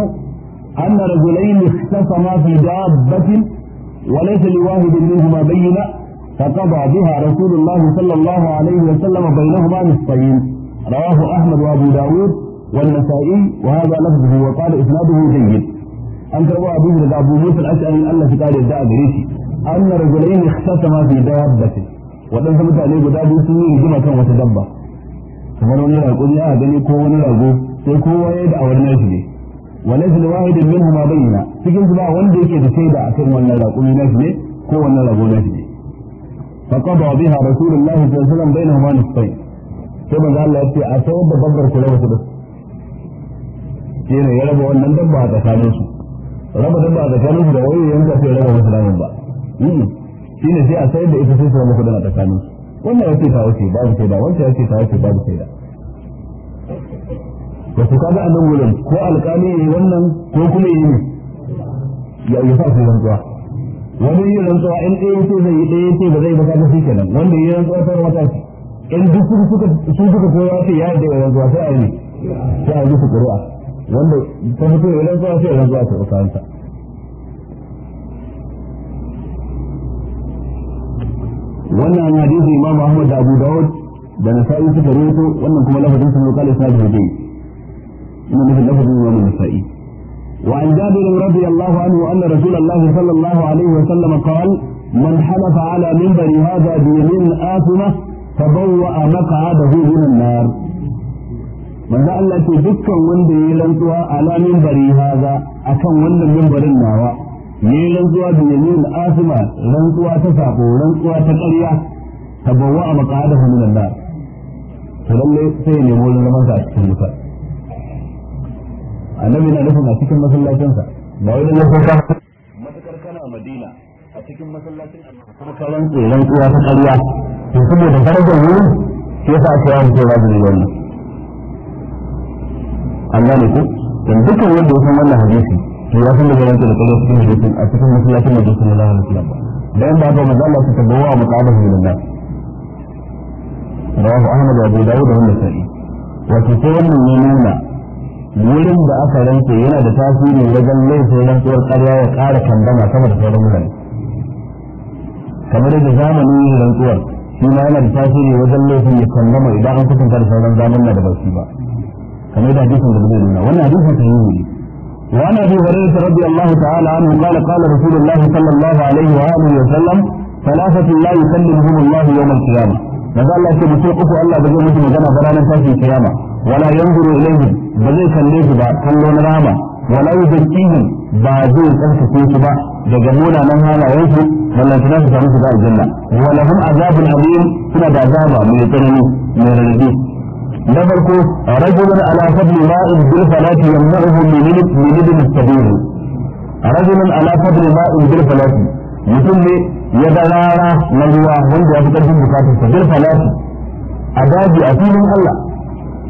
ان رجلين اختصما في دابه وليس لواحد منهما بينه فقضى بها رسول الله صلى الله عليه وسلم بينهما نصفين رواه أحمد وأبو داود والنسائي وهذا لفظه وقال a جيد أن روى أبو هريرة أبو موسى الأشعري أن في قال يدعى بريسي أن رجلين اختتما في دابة وأن سمت عليه guda biyu sun yi rigima kan wasu dabba kamar wani rago a gani ko wani rago sai kowa ya da auri na ne wa lajin wahidin min huma bayyana cikin su ba wanda yake da shaida akan wannan rago ne nashi ne ko rago nashi فقضى بها رسول الله صلى الله عليه وسلم بينهما نصفين كما قال الله يبكي أسود ببر كلوة بس كينا يربى أن دبا تكالوس رب دبا تكالوس دوي ينزع في ربى مسلم با كينا في أسود بإتسوس ربى كلوة تكالوس wannan yake ta wuce babu sai da wancan yake ta wuce babu sai da da su kaga a nan wurin ko alƙali yayi wannan ko kuma yayi ya yi fa sai rantsuwa wani yi rantsuwa in ɗaya ce zai yi ɗaya ce ba zai ba da shi kenan wanda yi rantsuwa ta wata shi in duk su suka sun suka kowa ce ya da rantsuwa sai a yi sai a yi su kuruwa wanda ta fito ya rantsuwa sai rantsuwa ta kanta wannan hadisi imam Ahmad da Abu Dawud da Nasa'i suka rinto wannan kuma lafazin sun lokal da hadisi ina nufin lafazin imam Nasa'i وعن جابر رضي الله عنه أن رسول الله صلى الله عليه وسلم قال من حلف على منبر هذا بيمين آثمة فبوأ مقعده من النار من ذا الله تذكر من بيلنتها على منبر هذا أكن من منبر النار ne rantsuwa da yamin asima rantsuwa ta sako rantsuwa ta ƙarya tabawwa a maƙa'adahu min Allah to lalle sai ne mu zama sa cikin mutane annabi na nufin a cikin masallacinsa ba wani na ka matakar kana madina a cikin masallacin annabi kuma ka rantse rantsuwa ta ƙarya to saboda farajin wurin ke sa aka yawo da wajibi ne Allah ne ku dan dukkan wanda ya san wannan hadisi to ya san da rantsuwa da ƙarya cikin hadisin a cikin masallacin da Nabi sallallahu alaihi wasallam dan da ba manzo Allah ta tabawa mutabahu lillah rawahu ahmad wa abu dawud wa an-nasa'i wato sai wannan ne nuna wurin da aka rantse yana da tasiri wajen laifin rantsuwar karya ya kara kandama sama da sauran mutane kamar da zamanin yin rantsuwar shi ma yana da tasiri wajen laifin ya kandama idan an kusanta da sauran zamanin da ba shi ba kamar da hadisin da bai nuna wannan hadisin sahihi ne وعن ابي هريره رضي الله تعالى عنه قال قال رسول الله صلى الله عليه واله وسلم ثلاثه لا يكلمهم الله يوم القيامه maza الله ce mutum uku Allah ba zai musu magana ba ranar tashin ba zai kalle su ba kallon rama walau zakihim ba zai tsarkake su ba daga munanan halayen su wannan tana su samu su da aljanna walahum azabun alim suna da azaba mai tsanani mai rarrabe na farko rajulun ala fadli ma'in bil falati yamna'uhu min min ibn sabil rajulun ala fadli ma'in bil falati mutum ne ya ga rara na ruwa wanda ya fi karfin bukatarsa bil falati a daji a filin Allah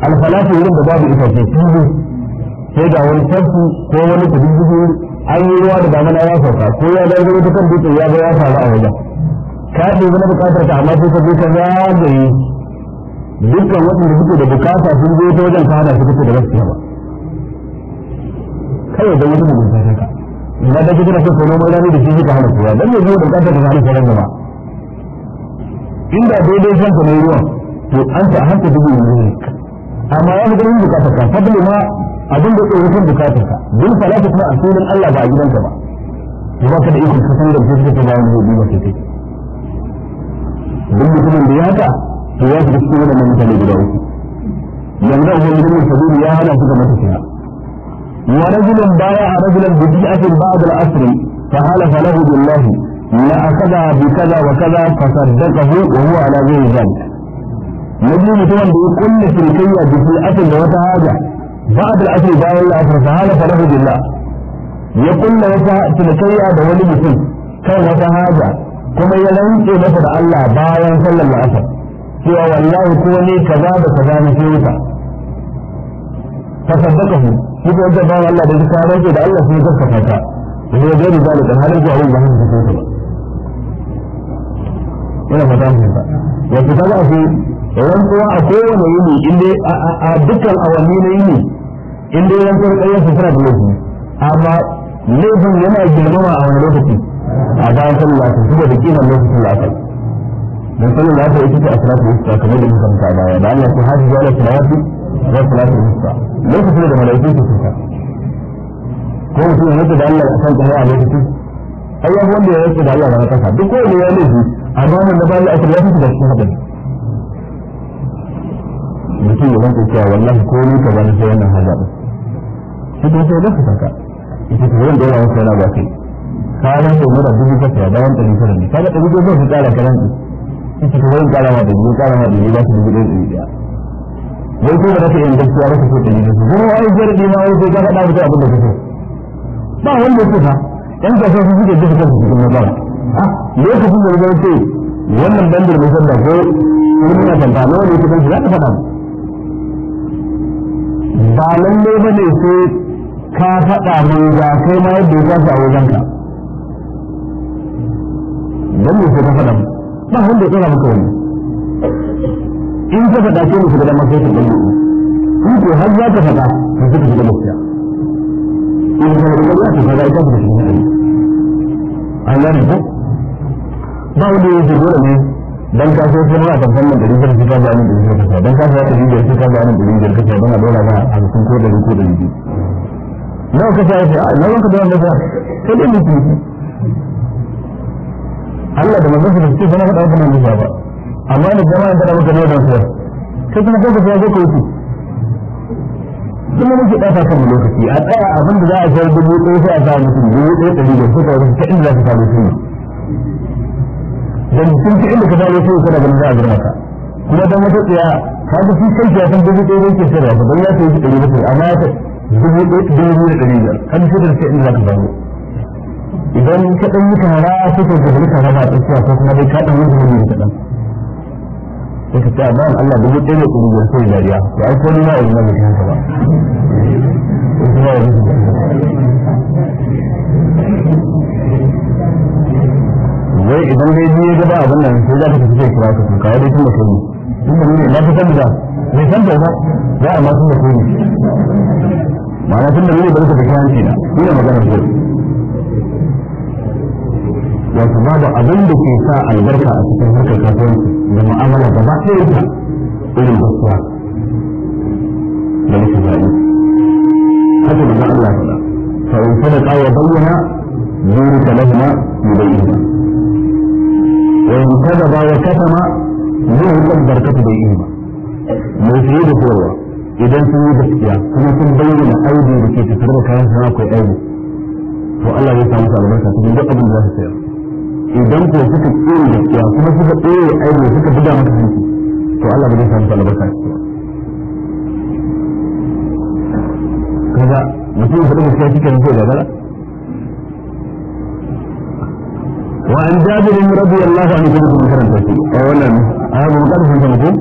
alfalafi wurin da babu itace tudu sai ga wani tafki ko wani kududdugu an yi ruwa da damana ya sauka ko ya ga wani dukkan dutse ya ga ya faru a wajen ka ɗebi na bukatar ta amma sai ka zo ka zagaye dukkan waɗanda suke da bukata sun zo ta wajen kana su fito da wasu ba kawai da wani mugunta ta ka ina da kike da so ko noman rani da shi kika hana kowa dan yanzu da bukatar ta hana sauran gaba inda daidai kanka ne ruwa, to an ta hanta dubu ne amma ya fi ganin bukatar ka fadli ma abin da tsoron sun bukatar ka duk salatu kuma a sunan Allah ba a gidanka ba ba ka da iko ka san da kuka ta bayan gobe ba kai duk mutumin da ya ta to ya fi cikin wannan mutane guda uku yanzu a wani gurin sabili ya hana su ga mata kira wa rajulun baya a rajulun bidi'atin ba'd al-asr fa halafa lahu billahi la akada bi kaza wa kaza fa saddaqahu wa huwa ala ghairi dhalika نجي مثلا بكل تلكية في الأصل لو تهاجع بعد الأصل باي الله أصل فهالة فرفض الله يقول له تلكية بولي مثل كان تهاجع كما يلعين إيه مثل الله باي صلى الله عليه وسلم سوى والله كوني كذا بكذا نسيوتا فصدقه كيف أنت باي الله بذكاريك إذا الله سيزر فتاكا وهو غير ذلك هذا الجعل الله سيزر فتاكا إلا فتاكا وكتبع في rantsuwa a kowane yini inda a dukkan awanni na yini inda rantsuwar ƙaryar su suna da laifi amma laifin yana girmama a wani lokaci a bayan sallah ta zuba da kiman lokacin la'asar dan sallar la'asar ita ce a salatu wusta kamar da muka muka baya da Allah ya haji ala salatu wa salatu wusta lokacin da malaiku su suka ko mutum ya mutu da Allah ya san kai a lokacin ai wanda ya yi da Allah ya kasa duk wanda ya laifi amma wannan da ba Allah ya san ya fita da shi hadari mutum ya zanta cewa wallahi ko ni kaza na sai wannan haza ba shi da sai zaka saka ita ce wanda yana wata yana ba kai ka ran ko mura dubu ka ta bayan ɗari tara ne kaga ɗari goma ka ƙara karan ki ita ce wani ƙara ma da ƙara ma da ni su dubu ɗari ɗari ɗaya wai ko da kake yin gaskiya a ka so ne ɗari zama ai jarɗi ma wai sai ka faɗa mutum abin da kake ba wanda ya ce yan kasa su suke duka kansu cikin matsala a ah, lokacin da ya ce wannan bandar musamman ko wani na tantano ne kusan shi za ka faɗa ba lallai ba ne sai ka faɗa mun ga kai ma yadda ya kasa a wajenka don me sai ka faɗa mu ba wanda ya tsara maka wani in ka faɗa ke musu gudan masu yake ɗaya in ko har za ka faɗa ka suka shiga gaskiya in ka faɗa za ka faɗa ita ka shiga gaskiya an gane ba wanda ya ce dole ne dan ka so kuma a tantan nan dari biyar kusa da dari biyar dan ka so dari biyar kusa bayanin dari biyar dan a dora ga hamsin ko dari ko dari biyu nawa kasa ya fi nawa ka dora masa sai dai mutum Allah da manzon sa ce sanar da wannan musa ba amma ne jama'a da muka ne da su sai kuma kanka sai ka wuce kuma muke dafa kan lokaci a tsaya abin da za a sayar dubu ɗaya sai a sa mutum dubu ɗaya ɗari da suka wasu ta inda za ka samu su da mutum ta inda ka fara sai kana ganin za a girma ka kuma dan wata tsaya kaga shi kai ya san dubu ɗaya yake sayarwa ba dan ya sayi ɗari bakwai amma ya sai dubu ɗaya dubu da ɗari biyar kan shi da sai inda za ka samu idan ka ɗan yi tara sai ka gudu tara ba a tsakiya ko kuma dai ka ɗan yi gudu ne kaɗan sai ka ce a bayan Allah dubu ɗaya da ɗari biyar sai dariya to ai ko ni ma wani ma bai haka ba kuma wani wai idan dai ya gaba abin nan sai za ka tafi sai kira ka tuka dai tun da kai tun da ne na ka san da bai san da ba za a ma tun da kai ma'ana tun da ne bari ka tafi hanci na da magana ko wato babu abin da ke sa albarka a cikin harkar kasuwanci da mu'amala gaba ɗaya ta irin gaskiya da muke zaɓi haka da Allah ya faɗa fa'in sadaka wa bayyana ذلك لهما يبينها wani kada ba ya kasa ma zai hukar barkatu da yi ba mai fiye da kowa idan sun yi gaskiya kuma sun bayyana aibi da ke tattare da kayan sana akwai aibi to Allah ya samu albarka cikin duk abin da za su sayar idan ko suka tsere gaskiya kuma suka tsere aibi suka buga maka hanci to Allah ba zai samu albarka cikin kaga mutum ya faɗi gaskiya cikin zai gagara وعن جابر رضي الله عنه كنت مثلا اولا هذا مقدس سنه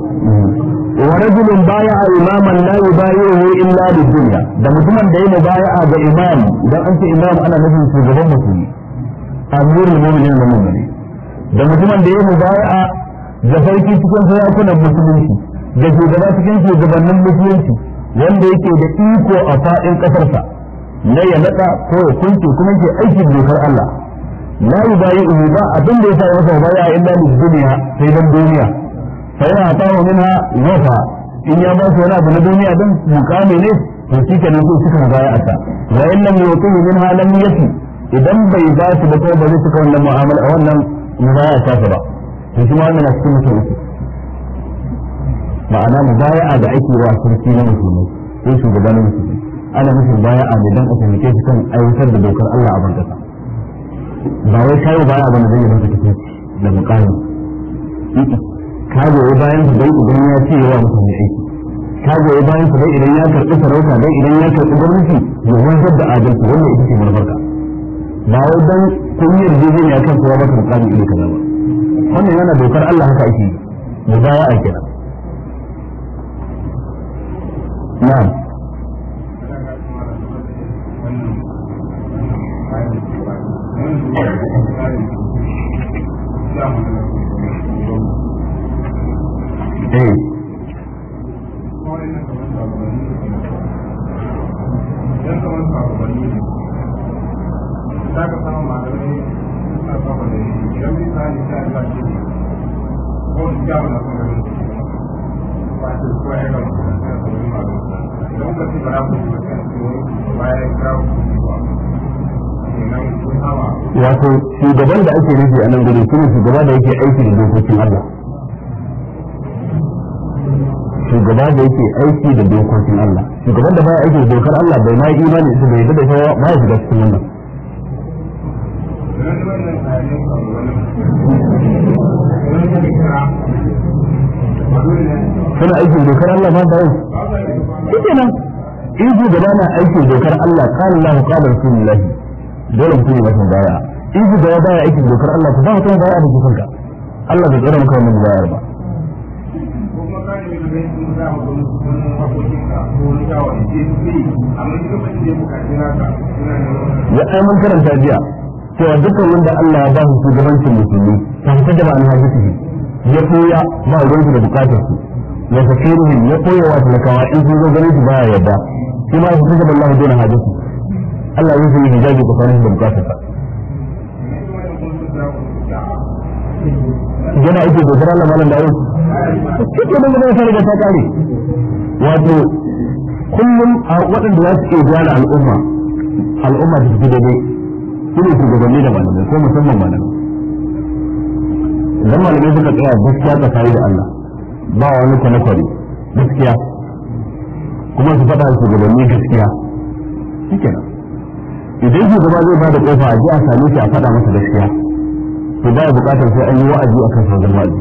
ورجل بايع اماما لا يبايعه الا بالدنيا ده mutumin da ya mubaya'a ga imam dan an ce imam ana nufin shugaban musulmi amirul mu'minin da mu'mini da mutumin da ya mubaya'a ga sarki cikin sarakunan musulunci da shugaba cikin shugabannin musulunci wanda yake da iko a fadin kasarsa na ya naɗa ko ya kunce kuma ke aikin dokar Allah la yubayi'uhu ba abin da yasa ba baya illa lid dunya sai dan duniya fa yana atawa minha wafa in ya ba su wani abu na duniya din mukami ne to shi kenan su suka baya ata wa in lam yuqimu minha lam yati idan bai ba su da ko ba zai suka wannan mu'amala wannan a ta ba to shi ma wannan a cikin mutum uku ma'ana mubaya'a da ake wa sarki na musulmai ko shugaban musulmai ana nufin baya'a ne dan a taimake shi kan aiwatar da dokar Allah a ban ba wai kayo baya ba da zai ta tafi da mukami ka goyi bayan su dai idan ya ce yawa mutane aiki ka goyi bayan su dai idan ya karɓi sarauta dai idan ya karɓi gwamnati ya wanzar da adalci wannan ita ce marmarka ba wai dan kun yi yarjejeniya kan kowa baka mukami ido kaza ba wannan yana dokar Allah haka ake yi mu baya a kira na'am eh Thank you. wato shugaban da ake nufi a nan gudun shine shugaba da yake aiki da dokokin Allah shugaba da yake aiki da dokokin Allah shugaban da baya aiki da dokar Allah bai ma imani su bai da shawa ba ya shiga cikin wannan suna aikin dokar Allah ba ta yi shi nan in shugaba na da dokar Allah kan Allah sun rasulullahi dole mutum ya masa baya in ku da baya aikin dokar Allah ku ba mutum baya da kusan ka Allah bai tsara maka wannan bayar ba ya ai mun karanta jiya cewa dukkan wanda Allah ya ba su shugabancin musulmi ta fitar da ma'anar hadisi ya koya ba ruwan da bukatar su ya fakirin ya koya wa talakawa in sun zo ganin su baya yadda shi ma ya fitar da Allah dole hadisi Allah zai yi hijabi tsakanin da bukatar ka. yana ake dogara Allah malam dawo kike da magana ta da ta kare wato kullum a waɗanda za su ke gyara al'umma al'umma da su daidai su ne shugabanni da malamai ko musamman malamai idan malamai suka tsaya gaskiya tsakani da Allah ba wani kwane-kwane gaskiya kuma su faɗa shugabanni gaskiya shi kenan idan gaba zai ba da kofa a ji a same shi a faɗa masa gaskiya to ba buƙatar sai an yi wa'azi a kan sauran wa'azi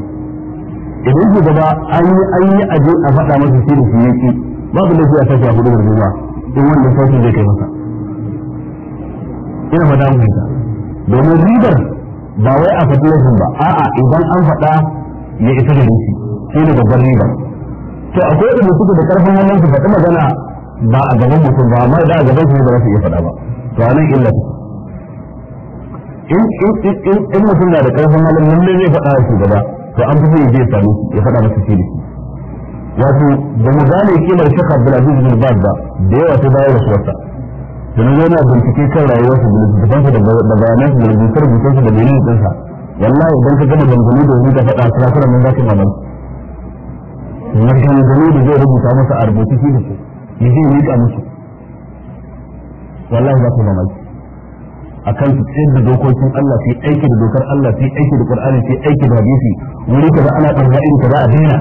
idan gaba an yi an yi aje a faɗa masa shi da shi yake babu da a sashi a kudu da in wanda sauki zai kai masa ina faɗa mu ta domin ribar ba wai a faɗi laifin ba a'a idan an faɗa ya isa da shi shi ne babbar ribar to akwai da suka da karfin wannan su faɗi magana ba a gaban mutum ba amma da a gaban su ba za su iya faɗa ba to illa in in in in mutum na da karfin halin nan ne zai faɗa shi gaba to an fi zai sami ya faɗa masa shi wato da mu gane kimar shaka Abdul Aziz bin Baz ba da yawa sai bayar da suwarsa to ne yana bincike kan su da littafansa da bayanansa da rubutar rubutarsa da bayanin sa wallahi idan ka gama dangane da wani da faɗa su kira nan za ka nan na dangane da zai rubuta masa a rubutu shi da su ya zai miƙa musu wallahi za su mamaki akan su tsayar da dokokin Allah sai aiki da dokar Allah sai aiki da Qur'ani sai aiki da hadisi wuri kaza ana barna irin kaza a daina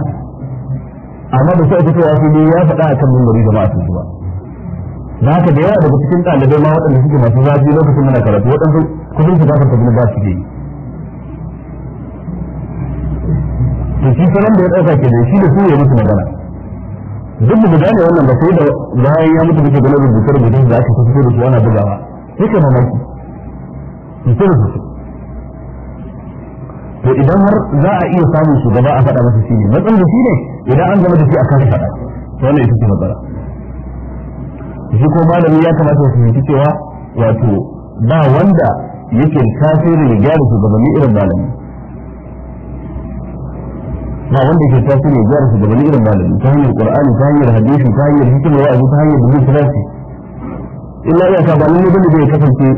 amma da sai fitowa su ne ya faɗa akan mummuri da su ba da haka da yawa daga cikin ɗalibai ma waɗanda suke masu zafi lokacin muna karatu waɗansu kusan su gafar tafi ba su ke yi to shi sanan da ya ɗauka ke da shi da su ya musu magana duk da gane wannan ba sai da bayan ya mutu kake da rubuce rubuce da aka fito da su ana bugawa yake mamaki da rubuce to idan har za a iya samun gaba a faɗa masa shine matsalar shi ne idan an zama da shi a kan faɗa to wannan ita ce matsala shi ko malami ya kamata ya fahimci cewa wato ba wanda yake kafirin ya gyara shugabanni irin malami ba wanda ke tasiri ya gyara shugabanni irin malami ta hanyar qur'ani ta hanyar hadisi ta hanyar hikimar wa'azi ta hanyar dubin kirasi illa iya ka ba lalle bane zai kasance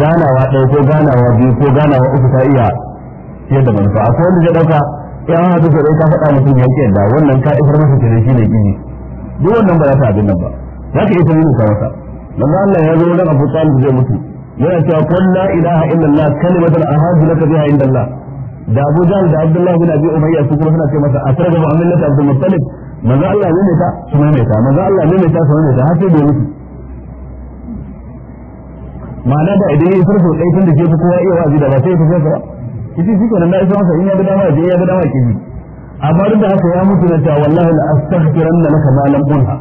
ganawa ɗaya ko ganawa biyu ko ganawa uku ta iya fiye da manufa akwai wanda zai ɗauka ya hana ta sai ka faɗa mutum ya ke da wannan ka ifar masa kenan shine kiji duk wannan ba za ta abin nan ba za ka iya ta nuna masa manzo Allah ya zo wajen Abu Talib zai mutu yana cewa qul la ilaha illallah kalimatan ahadu laka biha indallah da Abu Jahl da Abdullah bin Abi Umayya su kuma suna ce masa asraga muhammad amillata Abdul Muttalib manzo Allah ne ta su ne ta manzo Allah ne ta su ne ta har sai da mutu ma'ana da idan yayi farko dai tun da ke kowa iya wazi da ba sai ta fara kiti shi kenan da isa masa in ya ga dama ya ga dama kiji amma duk da haka ya mutu na ta wallahi la astaghfiranna laka ma lam unha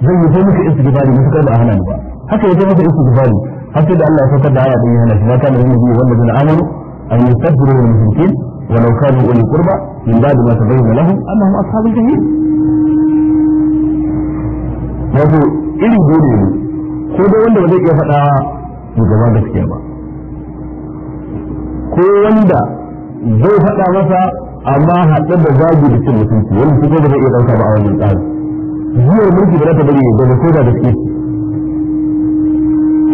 zai yi sai muka istighfari muka karba hana ba haka yaje muka istighfari har sai da Allah ya saukar da aya din yana shi mata da yin wanda bin amanu أن يكفروا المشركين ولو كانوا أولي قربى من بعد ما تبين لهم أنهم أصحاب الجحيم wato irin gode ne ko dai wanda ba zai iya faɗa mu gaba gaskiya ba ko wanda zai faɗa masa amma haɗe da zagi da cin mutunci wanda su ba zai iya ɗauka ba a wajen tsari zuwar mulki da za ta bari ba ko da gaske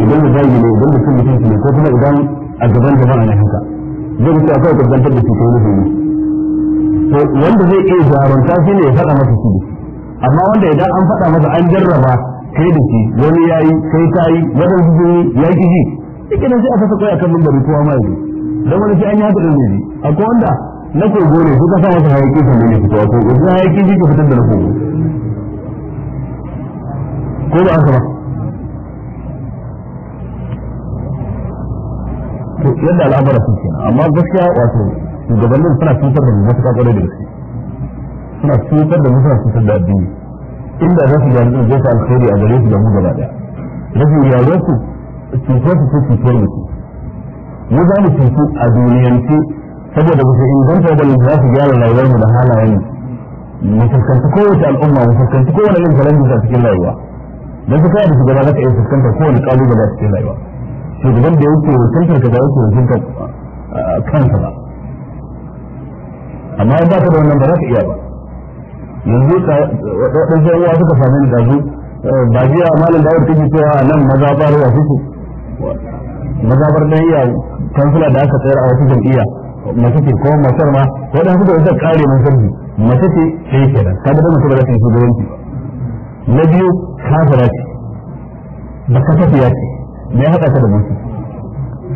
idan da zagi ne idan da cin mutunci ne ko kuma idan a gaban jama'a ne haka zai ce akwai kusantar da cutar rufe ne to wanda zai iya jarumta shi ne ya faɗa masa shi amma wanda idan an faɗa masa an jarraba kai da shi wani ya yi kai ta yi wadan su yi ya ki ji shi sai aka kai akan mimbari kowa ma yanzu dan wani sai an yi haka da akwai wanda na kogo ne suka sa masa hayaki sannan ya fito ko ko hayaki ji ka fitar da na kogo ko ba haka ba to yadda al'amura sun kenan amma gaskiya wato shugabannin suna cutar da musu ka kwarai da gaske suna cutar da musu cutar da addini inda za su gani zai ta alkhairi a gare su da mu gaba daya rashin yawon su cutar su ce cutar musu mu za mu cutu a duniyance saboda ba su inganta da za su gyara rayuwar mu da halayen mu fuskanci kowace al'umma mu fuskanci kowane yin faransa a cikin rayuwa don su kawai da shugaba za ka iya fuskantar kowane kalubale a cikin rayuwa shugaban da yake wakiltar ka ba yake wakiltar kansa ba amma ba ka da wannan ba za ka iya ba yanzu waɗansu yawa suka sami da su eh, ba jiya malin da wadda kake cewa nan mazabar wa suke mazabar dan iya kansula da aka tsayar a wasu jam'iyya masu ce ko matar ma waɗansu da wasu kare mun sarki masu ce sai kenan kaga da mace ba za ta yi shugabanci na biyu kafira ce ba kasafiya ce me ya haɗa ka da musu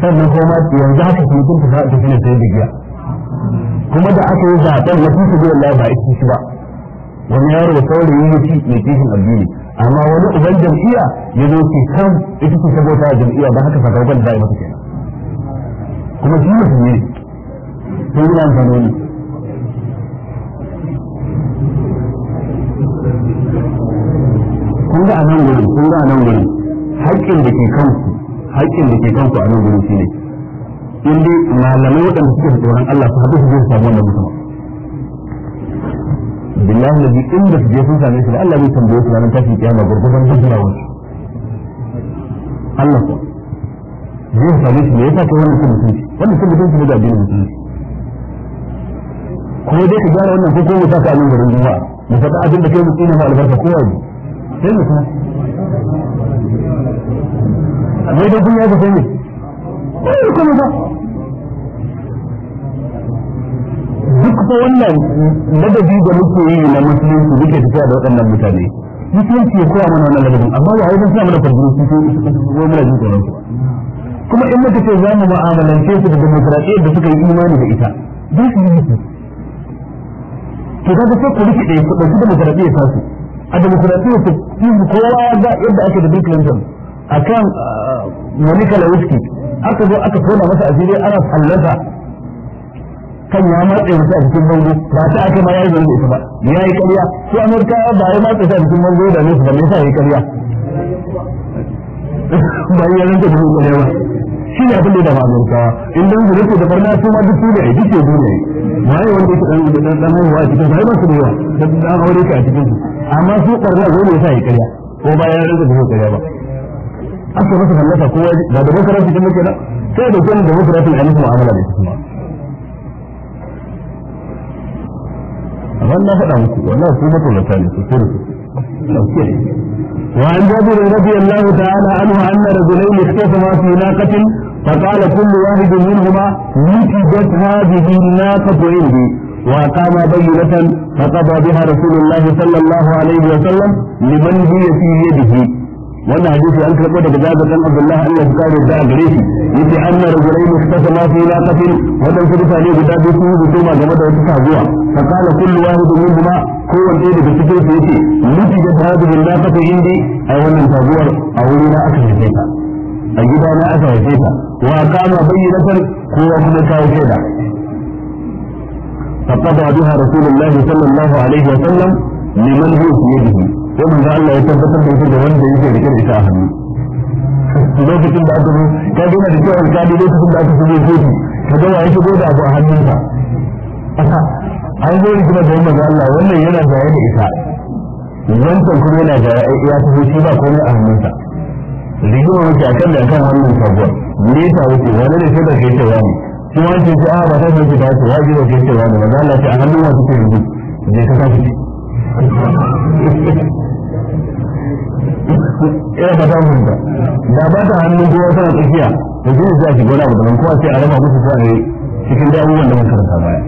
sannan kuma yanzu haka sun kunta ta ta shine sai da giya kuma da aka yi zaɓen na fi sabi wallahi ba ita shi ba wani yaro da saurayi ya ci ya ci addini amma wani uban jam'iyya ya zo ce kan ita ce saboda jam'iyya ba haka sakamakon da ya a mata kenan kuma shi ne sun yi amfanoni kun ga a nan gurin kun ga a nan gurin haƙƙin da ke kanku haƙƙin da ke kanku a nan gurin shine in dai malamai waɗanda suke tsoron Allah su haɗu su je su samu wannan mutum billahi nabi in da su je sun same shi Allah zai tambaye su ranar tashi kiyama gurgurdan gudunawar Allah ko zai same shi ne ya sa ta kuma sun mutunci wannan sun mutunci ne da addinin mutunci ko dai ka gyara wannan ko kuma saka a nan gurin juma'a mu faɗa abin da kai mutum ne ma albarka kowa ne sai mu amma idan kun ya ga sai ne kai kuma ba duk ko wannan ladabi da muke yi na musulunci muke tafiya da waɗannan mutane musulunci ya koya mana wannan ladabin amma ba wai suna mana farjini sun ce wai muna jin tsoron su kuma in muka ce za mu ma'amalance su da demokradiyyar da suka yi imani da ita za su yi to kaga sai ku rike ɗaya ku ɗauki demokradiyyar tasu a demokrasiyya ta cikin kowa ga yadda ake da bill clinton a kan monica lewinsky aka zo aka tona masa asiri ana fallasa kan ya matse mutu a cikin bango ba ta aka ma ya yi zango ita ba ya yi karya su amurka ba ya matse ta a cikin bango da ba ya yi karya ba ya ranta da zuwa ne ba shi ne abin da da amurkawa in dan su rike da barna su ma duk su da duk ke duniya ma yi wanda yake dan dan haihuwa a cikin sai ba su yawa dan aure ka a cikin su amma su karna zo ne sai karya ko bayan rinka da karya ba aka masa fallasa ko ya ga da masa rafi da muke da sai da kuma da masa rafi da muke mu'amala da kuma wannan faɗa muku wallahi ku mutum da tani su kure وعن جابر رضي الله تعالى عنه أن رجلين اختصما في ناقة فقال كل واحد منهما نتجت هذه الناقة عندي وأقام بينة فقضى بها رسول الله صلى الله عليه وسلم لمن هي في يده وانا حديث انك لقد بجابة عبد الله ان يذكر الدعاء بريه يتي ان رجلين اختصما في ناقة ودن كدفا لي بجابة سيه بجوما جمد وتسعبوا فقال كل واحد منهما هو الايد بالسكوت يتي نتجت هذه الناقة عندي ايوا من تابوا او لا اكل الزيتا ايضا لا اكل الزيتا واقام بينة هو ابن كاوكيدا فقضى بها رسول الله صلى الله عليه وسلم لمن هو في يده ومن ذا الله يتبتر بيته وانده يكي ركر إشاء lokacin da aka zo ka gina da kyau alkali lokacin da aka zo kotu ka ga wa shigo da abu a hannunka an zo ni kuma da yin maza Allah wannan yana jaye da ita wancan kuma yana a ya tafi shi ba komai a hannunsa rigima wuce akan da kan hannun sabuwar nesa wuce wani da shi da ke cewa ne kuma an ce a ah, ba ta sauki ba su waje wa kai cewa da ba za ce a hannun wasu ke yanzu je ka kashi ina ba ta hunta da ba ta hannun kowa tana tsakiya da zai za ki gona da kowa sai a raba musu sa ne cikin da abubuwan da muka karanta baya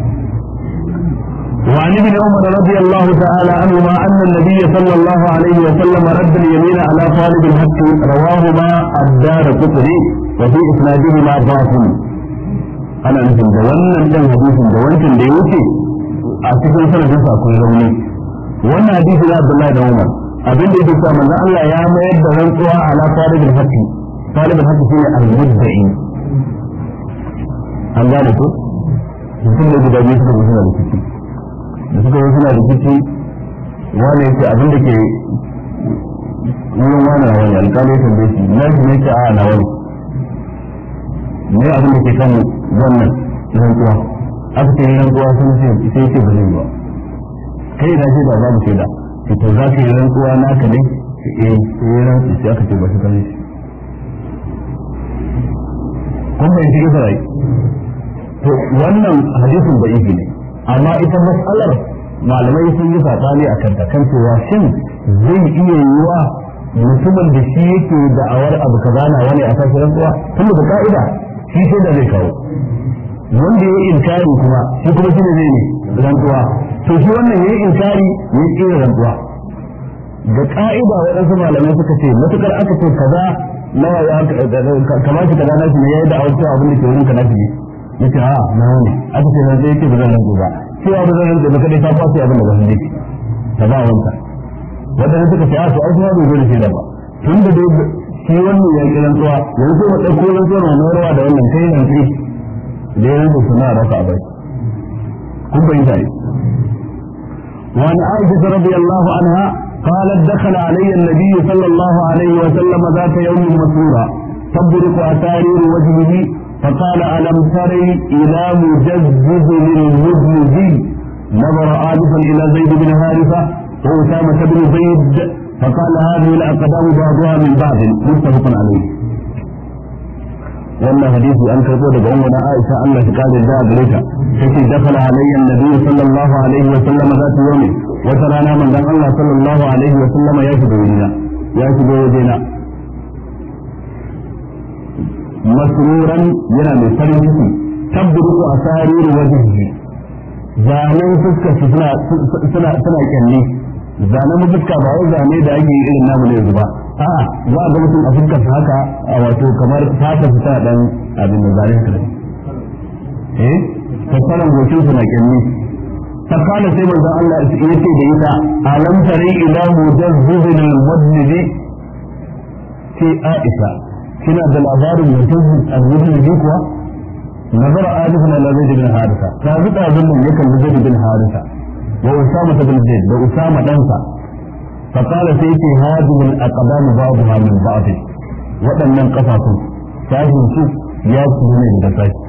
وعن ابن عمر رضي الله تعالى عنهما ان النبي صلى الله عليه وسلم رد اليمين على طالب الحق رواهما الدار قطري وفي اسنادهما باطل ana nufin da wannan dan hadisin da wancan da ya wuce a cikin sanadin sa akwai rauni wannan hadisi na Abdullahi da Umar abin da yake cewa manzon Allah ya mayar da rantsuwa ala talibul haqqi talibul haqqi shine al-mudda'i an gane ko mutum da guda biyu suka suna rikici da suka yi suna rikici wani yake abin da ke yi wani na wani alƙalai tambaye shi na shi ne ke a na wani me abin da ke kan wannan rantsuwa aka ce rantsuwa sun ce sai ce ba zai yi ba kai da shaida babu da ki to za ka yi rantsuwa naka ne ki eh yi rantsu shi aka ce ba shi kan shi kuma bai shi ga rai to wannan hadisin da ibi ne amma ita matsalar malamai sun yi sabani a kanta kan cewa shin zai iya yiwa mutumin da shi yake da'awar abu kaza na wani a kan rantsuwa tun da ka'ida shi sai da zai kawo wanda ya yi inkari kuma shi kuma shi ne zai ne rantsuwa to shi wannan ya yi inkari ya yi kira rantsuwa ga ka'ida waɗansu malamai suka ce matukar aka ce kaza nawa ya kamar shi kaza shi ne ya yi da auki abin da ke wurin ka na shi ne ya ce a ah, na wani aka ce zan zai ce ba zan rantsu ba cewa ba zan rantsu ba kadai ta kwace abin da ba su ka ta ba wanka wadanda suka ce a ah, su auki ma bai zo da shi da ba tun da dai wannan ya kiran yanzu ɗauko rawa da wannan kai da ya rubu suna kun bai zai وعن عائشة رضي الله عنها قالت دخل علي النبي صلى الله عليه وسلم ذات يوم مسرورا تبرك أسارير وجهه فقال ألم تري إلى مجزز للمجزي نظر آلفا إلى زيد بن هارثة وأسامة بن زيد فقال هذه الأقدام بعضها من بعض متفق عليه wannan hadisi an karbo daga na Aisha Allah ta kare da gare ta dafa dakala alayya annabi sallallahu alaihi wa sallam za ta yomi wata rana manzon Allah sallallahu alaihi wa sallam ya shigo wurina ya shigo wajena masruran yana mai farin ciki tabbuku asariru wajhihi zanen fuskar suna suna suna kyalle zane na ba wai zane da ake irin namu ne yanzu ba a'a za a ga mutum a fuskar haka a wato kamar fata su ta dan abin da zane ka eh fasaran gocin su na kyanni fakala sai manzo Allah ya ce da ita alam tare ila mudazzibin al-mudnibi ce Aisha kina da labarin mutum al-mudnibi kuwa nazara alifna na zaid bin harisa ta zuta zulmun yakan zaid bin harisa wa usama ibn zaid da usama dansa fa qala sai ce hadhihi al-aqdam ba'daha min ba'd waɗannan kafafun sashin su ya ci ne da sashi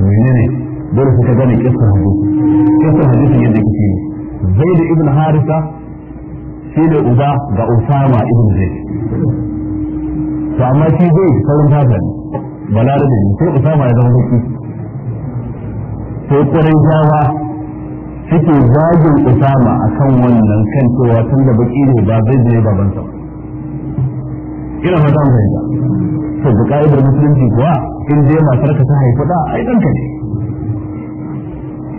menene dole suka hadisi hadisi yadda kike ibn harisa ne uba ga usama ibn zaid to amma shi zai farin fata ne balarabe ne sai usama ya zama baki sai kwarai jawa suke zagin usama akan wannan kan cewa tun da baki ne ba zai je babansa ina fata mu fahimta to ga ka'idar musulunci kuwa in dai ma ka ta haifi da ai danka ne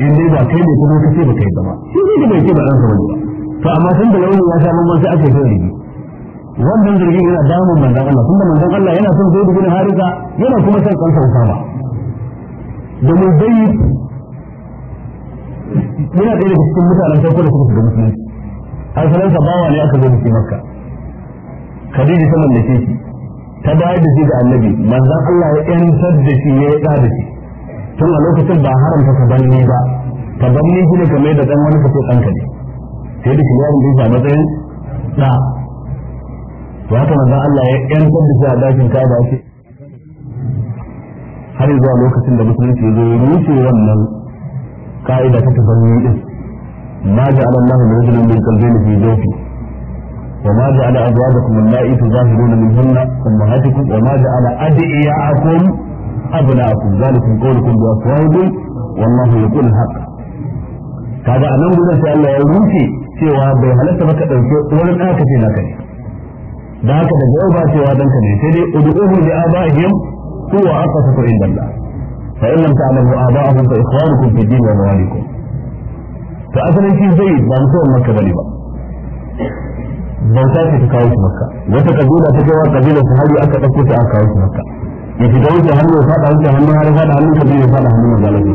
in dai ba kai ne kuma kace ba kai ba shi ne da bai ce ba dan sa ba to amma tun da launin ya sha mun sai aka yi zargi wannan zargin yana damun manzon Allah tunda manzon Allah yana son zai na harika yana kuma son kansa usama domin zai yana ɗaya daga cikin mutanen farko da suka shiga musulunci asalinsa bawa ne aka zo da shi makka khadija ta mallake shi ta bayar da shi ga annabi manzon Allah ya yantar da shi ya yi da shi tun a lokacin ba haramta tabanni ba tabanni shi ne kamar da dan wani kaso ɗanka ne sai da shi yaron da ya matsayin da to haka manzon Allah ya yantar da shi a dakin kaza shi har zuwa lokacin da musulunci ya zo ya rushe wannan ka'ida ta tafanni din ma ja'ala Allah li rajulin min qalbayni fi jawfi wa ma ja'ala azwajakum allati tuzahiruna minhunna ummahatukum wa ma ja'ala adiyakum abnaakum zalikum qawlukum bi afwahikum wallahu kaga anan gudan sai Allah ya rufe cewa bai halatta maka dauke wani ɗan ka ce naka ne da haka daga yau cewa dan ka ne sai dai ud'uhu li abaihim huwa aqsatu inda Allah فإن لم تعلموا آباءهم فإخوانكم في الدين ومواليكم فأصلا شيء زيد ما مسوى مكة بني با bauta ce ta kawo shi makka wata kabila ta jawa kabila ta hari aka ɗauko ta aka kawo shi makka ya shiga wuce hannu ya faɗa wuce hannu har faɗa hannun kabila ya faɗa hannun mazalar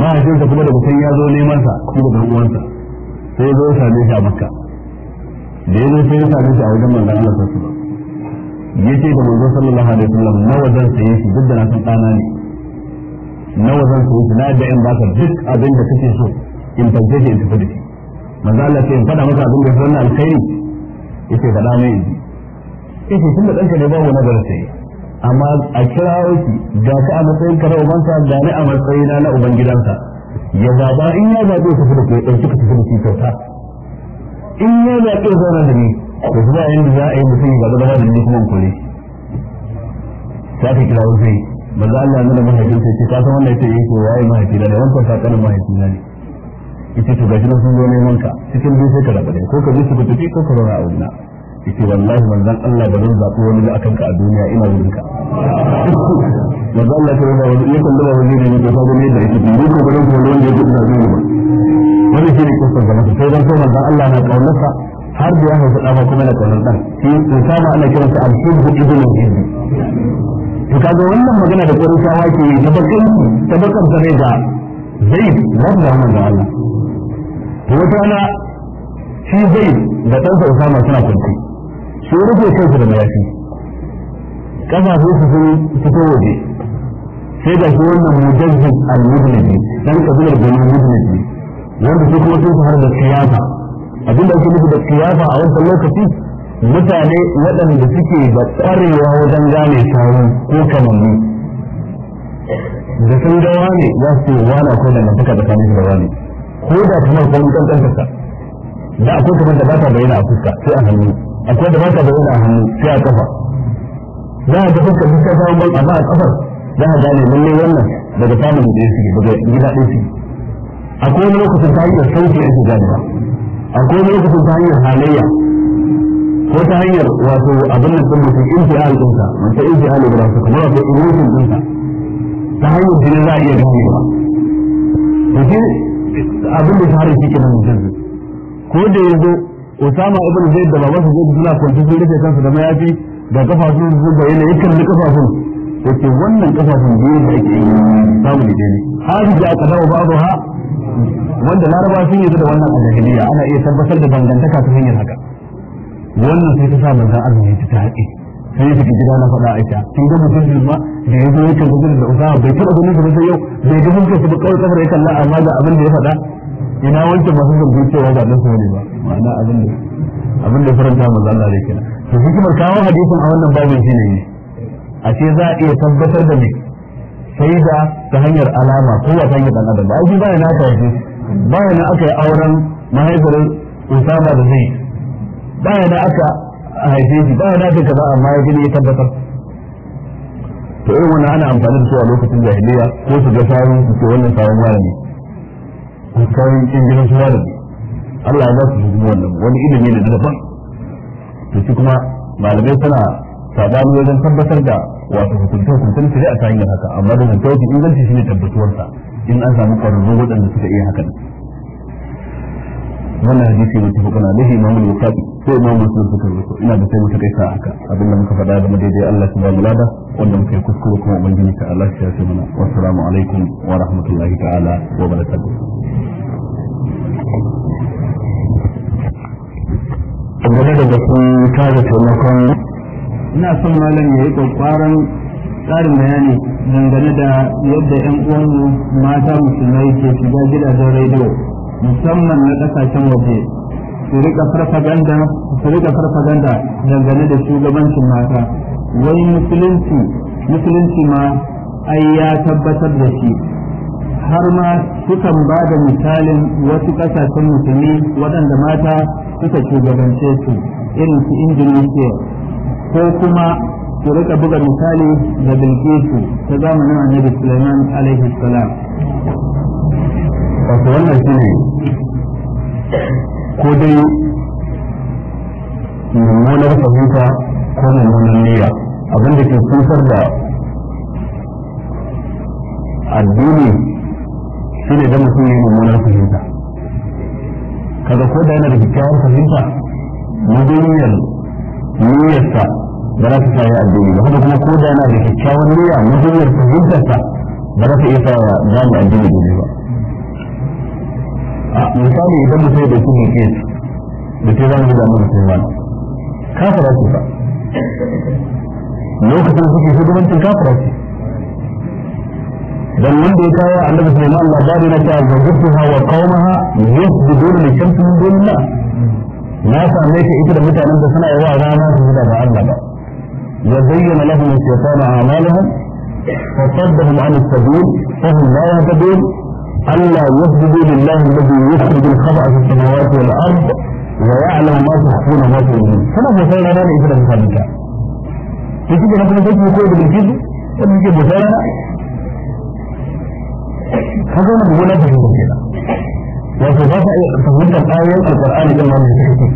mahaifinsa kuma da mutum ya zo neman sa kuma da uwansa sai zo same shi a makka da ya zo sai ya same shi a wajen manzon Allah sallallahu alaihi wasallam yace da manzon sallallahu alaihi wasallam na wajen sai shi duk da na san ɗana ne nawa zan so shi na da in ka duk abin da kake so in fance shi in tafi da shi manzo Allah sai in faɗa maka abin da sannan alkhairi yake fada mai Ita ce tun da ɗanka ne babu nazarin sai amma a kira shi ga ka a matsayin ka na ubansa ga ni a matsayina na uban gidansa ya zaba in ya zaɓe tafi da kai ɗauki ka tafi da shi kyauta in ya zaɓe zauna da ni da zuwa yanzu za a yi mutum ga zaɓe da ni kuma kore ta ka kirawo sai manzo Allah ya nuna mahaifin sai ce ka san wannan yace yake eh, waye mahaifi na ne wannan sakanin mahaifi na ne yace to gashi sun zo neman ka cikin biyu sai ka rabu ne ko ka bi su ku tafi ko ka zauna a wurin yace wallahi manzon Allah ba zan zaɓi wani ba akan ka a duniya ina wurin ka manzo Allah ya nuna wani yakan da wani ne ne ko ne da yake ni ko ban ko wanda yake da zuwa ba wannan shi ne kusa da masa sai dan so manzon Allah na kaunarsa har da ya haifi ɗama kuma na kaunar ɗan shi in sama ana kiransa al-hubbu ibn al-hibbi to kaga wannan magana da Qurayshawa ke yi ta bakin ta sa ne ga zai wanda wannan da Allah to wata na shi zai da ɗansa Usama suna kwanci shi rufe kansa da mayafi kafafu su sun fito waje sai da shi wannan mujazzid al mujnabi dan kabilar bani mujnabi wanda su kuma sun fara da siyasa abinda ake nufi da siyasa a wancan lokaci mutane waɗanda suke da ƙwarewa wajen gane shawu ko kamanni da sun ga wane za su yi wana ko da mantaka da kanin da wane ko da kamar kuma kankantarsa da akwai kamar da ba ta bayyana a fuska sai a hannu akwai da ba ta bayyana a hannu sai a kafa za a ga fuska fuska ta ban amma a kafar za a gane lalle wannan daga family da ya yake daga gida ɗin su akwai wani lokacin ta hanyar sauke su gane ba akwai wani lokacin ta hanyar halayya ko ta hanyar wato abin da sun mutu mutum infial ɗinka mace infial da rasu kamar wato emotion ɗinka ta hanyar jini za a iya gane ba to abin da ta shahara shi ke nan mutum ko da yanzu Osama ibn Zaid da babansa zai suna kwanci sun rufe kansa da mayafi da kafafun sun yana yakan da kafafun yace wannan kafafun biyu da ake yi samu da dai hadi da aka dawo ba ha wanda laraba sun yi da wannan a jahiliya ana iya tabbatar da dangantaka ta hanyar haka wannan sai ta sa manzon azumi ta ta haƙi sai ya fita gida na faɗa aisha kin ga mutum da ma da ya zo ya kan gudu da usama bai taɓa ganin su ba sai yau bai ga mutum su ba kawai kafar ya kalla amma da abin da ya faɗa ina wancan masu zambi cewa ba dan su ne ba ma'ana abin da abin da faranta manzon Allah da kenan to hikimar kawo hadisin a wannan babin shine ne a ce za a iya tabbatar da me sai da ta hanyar alama ko ta hanyar dan adam ba ai ba na ta yi ba na aka yi auren mahaifar Usama da Zaid baya na aka haife shi baya na aka kaza amma ya gani ya tabbatar to irin wannan ana amfani da su a lokacin jahiliya ko su ga sawun su ce wannan sawun wani ne ko sawun kin gidan su wani ne Allah ya ba su kuma wannan wani ilimi ne daban to shi kuma malamai suna sabani wajen tabbatar da wato hukunta hukuntun shari'a ta hanyar haka amma da zanta wajen inganci shine tabbatuwarsa in an samu kwararru waɗanda suka iya haka wannan hadisi mutum hukuna lahi imamul bukhari sai ma musulun suka yi ina da sai mutu kai ka haka abin da muka faɗa da mu daidai Allah su ba lada wanda muka yi kuskure kuma ubangiji ta Allah ya ce mana wassalamu alaikum wa rahmatullahi ta'ala wa barakatuh game da batun kare taimakon ina son malam ya yi kwakwaran tsarin bayani dangane da yadda 'yan uwanmu mata musulmai ke shiga gidajen rediyo musamman na kasashen waje su rika farfaganda su rika farfaganda dangane da shugabancin mata wai musulunci musulunci ma ai ya tabbatar da shi har ma sukan ba da misalin wasu ƙasashen musulmi waɗanda mata suka shugabance su irin su indonesia ko kuma su rika buga misali da bilkisu ta zamanin annabi suleiman alaihi salam wato wannan shine ko dai mummunar fahimta ko mummunar niyya abinda ke kusar da addini shi ne da mutum yi mummunar fahimta kaga ko da yana da kyakkyawar fahimta maganiyar niyyarsa da za ta sa ya addini ba haka kuma ko da yana da kyakkyawar niyya maganiyar fahimtarsa ba za ta iya sa ya zama addini ba misali idan mutum ya dauki mai kes da ke zama da annabi sulaiman kafara ce fa lokacin da suke shugabancin kafara ce dan wanda ya kawo annabi sulaiman labari na cewa zarzuha wa qaumaha yasjuduna li shamsi min dunillah na same ta ita da mutanen da suna yawa rana su da ba Allah ba wa zayyana lahum shaytanu a'malahum فصدهم عن السبيل فهم لا يهتدون ألا يسجدوا لله الذي يخرج الخطأ في السماوات والأرض ويعلم ما تخفون وما تعلنون كما هو سيدنا لا يفيد من ذلك يجب أن نكون نجم كل بالكيد أن نجيب سيدنا هذا ما بقول لك هو كده وصفات تفوت الآية القرآن كما هو كده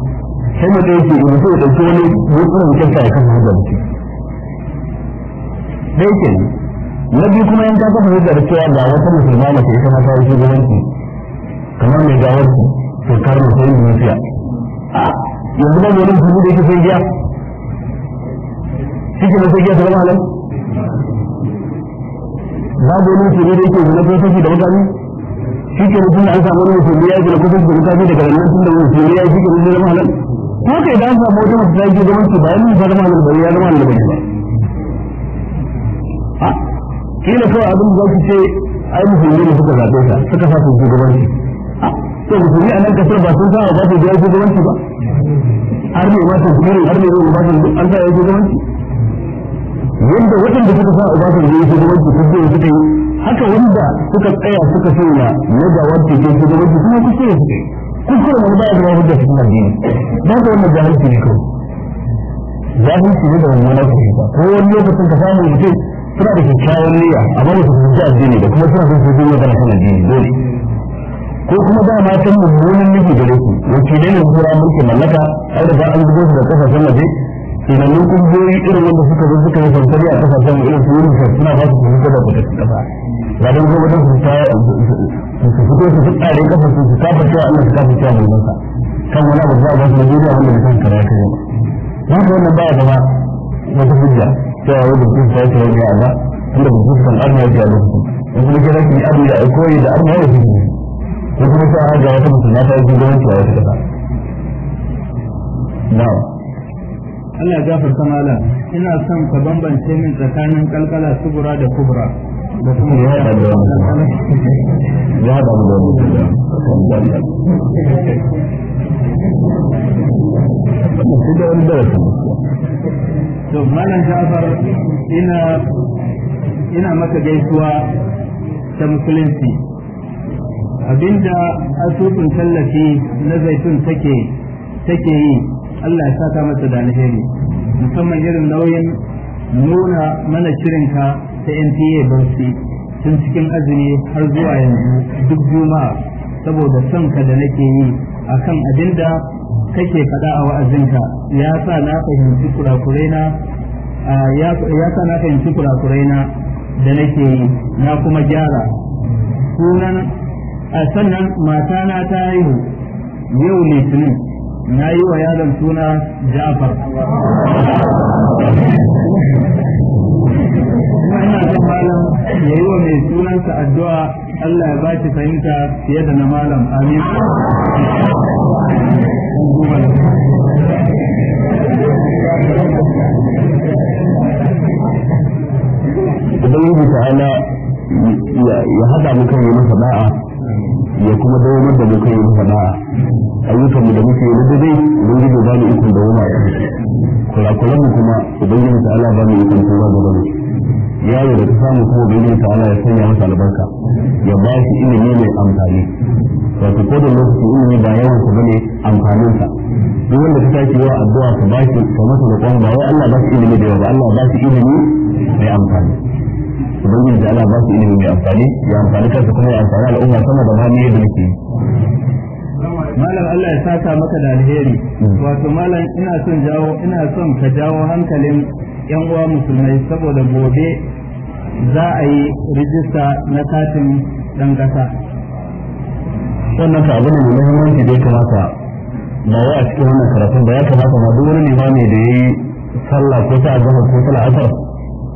كما تيجي إن سوء تقولي يقول لك كيف يكون هذا الشيء لكن na biyu kuma yan kafa da cewa ga wata musulma mace ita mata wuce gudanci kamar mai gawar su shekar mu indonesia yanzu nan wani musulmi da yake sai giya shi ke mutum giya ta zama halal babu wani ne da yake zuna kofashi da mutane shi ke mutum da an samu wani musulmi ya yi da mutane daga nan da musulmi ya yi da kai da an samu wata mutum da yake bayan mutum zama halal bari ya ba kila kawai abin da zaki ce ai musulmi ne suka zaɓe ka suka sa su shugabanci to musulmi a nan kasar ba sun sa ba su biya shugabanci ba har ne ma su kiri har ne ma ba su an sa ya shugabanci wanda waɗanda suka sa ba su biya shugabanci sun biya suka yi haka wanda suka tsaya suka so na na jawarci ke shugabanci kuma kuskure suka yi kuskure wani ba ya zama hujja cikin addini ba ka wannan jahilci ne kawai jahilci ne da wannan lafiya ko wani lokacin ka samu mutum suna da kyakkyawan niyya a ba su fahimci addini da kuma suna son su zo magana kan addini dole ko kuma ba ma san mummunan nufi gare su wakilai ne kura mulkin mallaka ai da an zubo su da kasashen waje tunanin kungiyoyi irin wanda suka zo suka yi sansari a kasashen irin su wurin suna ba su su fito da kasa ba don kuma su fito su fi tsare su su kafa cewa Allah su kafa cewa kan wani abu za a ba su ba. wannan ba gaba wata hujja cewa wanda sun sai ta yi ba inda ba su san arna ya in kuma kira ki abu da koyi da arna ya ji ko kuma sai ga wata musulma ta yi gwamnati a wata kasa na. Allah ya ta mala ina son ka bambance min tsakanin kalkala subura da kubra da kuma ya da ya da da da to malam Ja'far ina ina maka gaisuwa ta musulunci abinda asusun tallafi na zaitun take take yi Allah ya saka masa da alheri musamman irin nauyin nuna mana shirinka ta NTA Bauchi tun cikin azumi har zuwa yanzu duk juma'a saboda son da nake yi akan abinda kake faɗa a wa'azinka ya sa na fahimci kurakurai na ya sa na fahimci kurakurai na da nake yi na kuma gyara sunan a sannan na ta haihu yau litinin na yi wa yaron suna ja'afar malam ya yi wa mai sunansa addu'a Allah ya ba shi fahimta fiye da na malam amin Ubangiji ta'ala ya haɗa mu kan wani sada'a ya kuma dawo da mu kan wani sada'a ayyukan mu da muke yi da dai ubangiji ba mu ikon da wani a kurakuran mu kuma ubangiji ta'ala ba mu ikon kowa da wani yi da ta samu kuma bai ta Allah ya sanya masa albarka ya ba shi ilimi mai amfani su ko da lokaci ilimi ba yawan su bane amfanin duk wanda ta tashi wa addu'a ka ba shi ka masa roƙon ba wai Allah ba shi ilimi da yawa ba Allah ba shi ilimi mai amfani ubangiji da Allah ba shi ilimi mai amfani ya amfani kansa kuma ya amfani al'umma sama da hali yadda yake malam Allah ya saka maka da alheri hmm. wato malam ina son jawo ina son ka jawo hankalin yan uwa musulmai saboda gobe za a yi rijista na katin dan kasa wannan ka abin da muhimmanci da ya kamata ba wai a cikin wannan karatun ba ya kamata ma duk wani limami da ya yi sallah ko ta azhar ko ta asar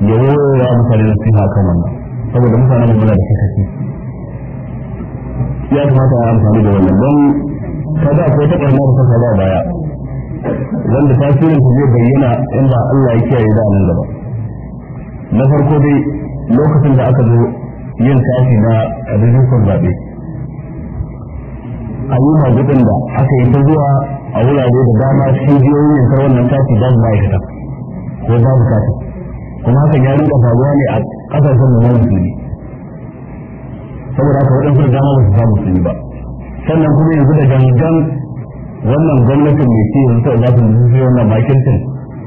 ya wura mutane da siha kan wannan saboda mutanen mu muna da sakaci ya kamata a amfani da wannan don kada ko ta karnar sassa ba baya wanda tasirin su zai bayyana inda Allah ya kiyaye da nan gaba na farko dai lokacin da aka zo yin tashi na rijistar zaɓe a yi magudin da aka yi ta zuwa a wurare da dama yin karwar wannan tashi ba shi ko za su tashi kuma haka ya rinka faruwa ne a ƙasashen da na musulmi saboda haka waɗansu da dama ba su samu su ba sannan kuma yanzu da gangan wannan gwamnatin mai ce yanzu za su nufi wannan makintin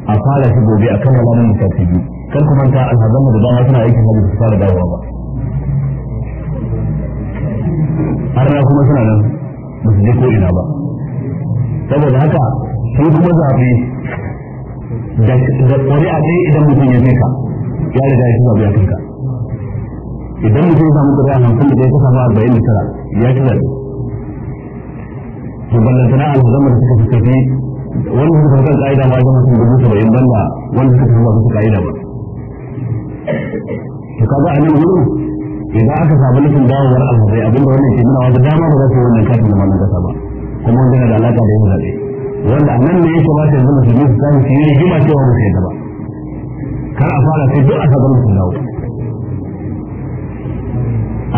a fara shi gobe a kan wani mutafi biyu kan kuma ta alhazan da dama suna aikin hajji su fara dawowa ba har na kuma suna nan ba su je ko ina ba saboda haka su kuma zaɓe da ƙuri'a ɗaya idan mutum ya ka ya riga ya zaɓe a kanka idan mutum ya samu ƙuri'a hankali da ya ka samu arba'in da tara ya ci zaɓe to na a musamman da suka fi tafi wanda suka fi kan ka'ida ma zama sun dubu saba'in banda wanda suka fi masu ka'ida ba to kaga a nan wurin idan aka samu nufin dawowar alhazai abinda wannan ke nuna da dama ba za su yi wannan katin da ma kasa ba kuma wanda yana da alaƙa da yin zaɓe wanda a nan ne ya kamata yanzu musulmi su samu su yi rigima cewa ba su yadda ba kar a fara sai duk a sabon su dawo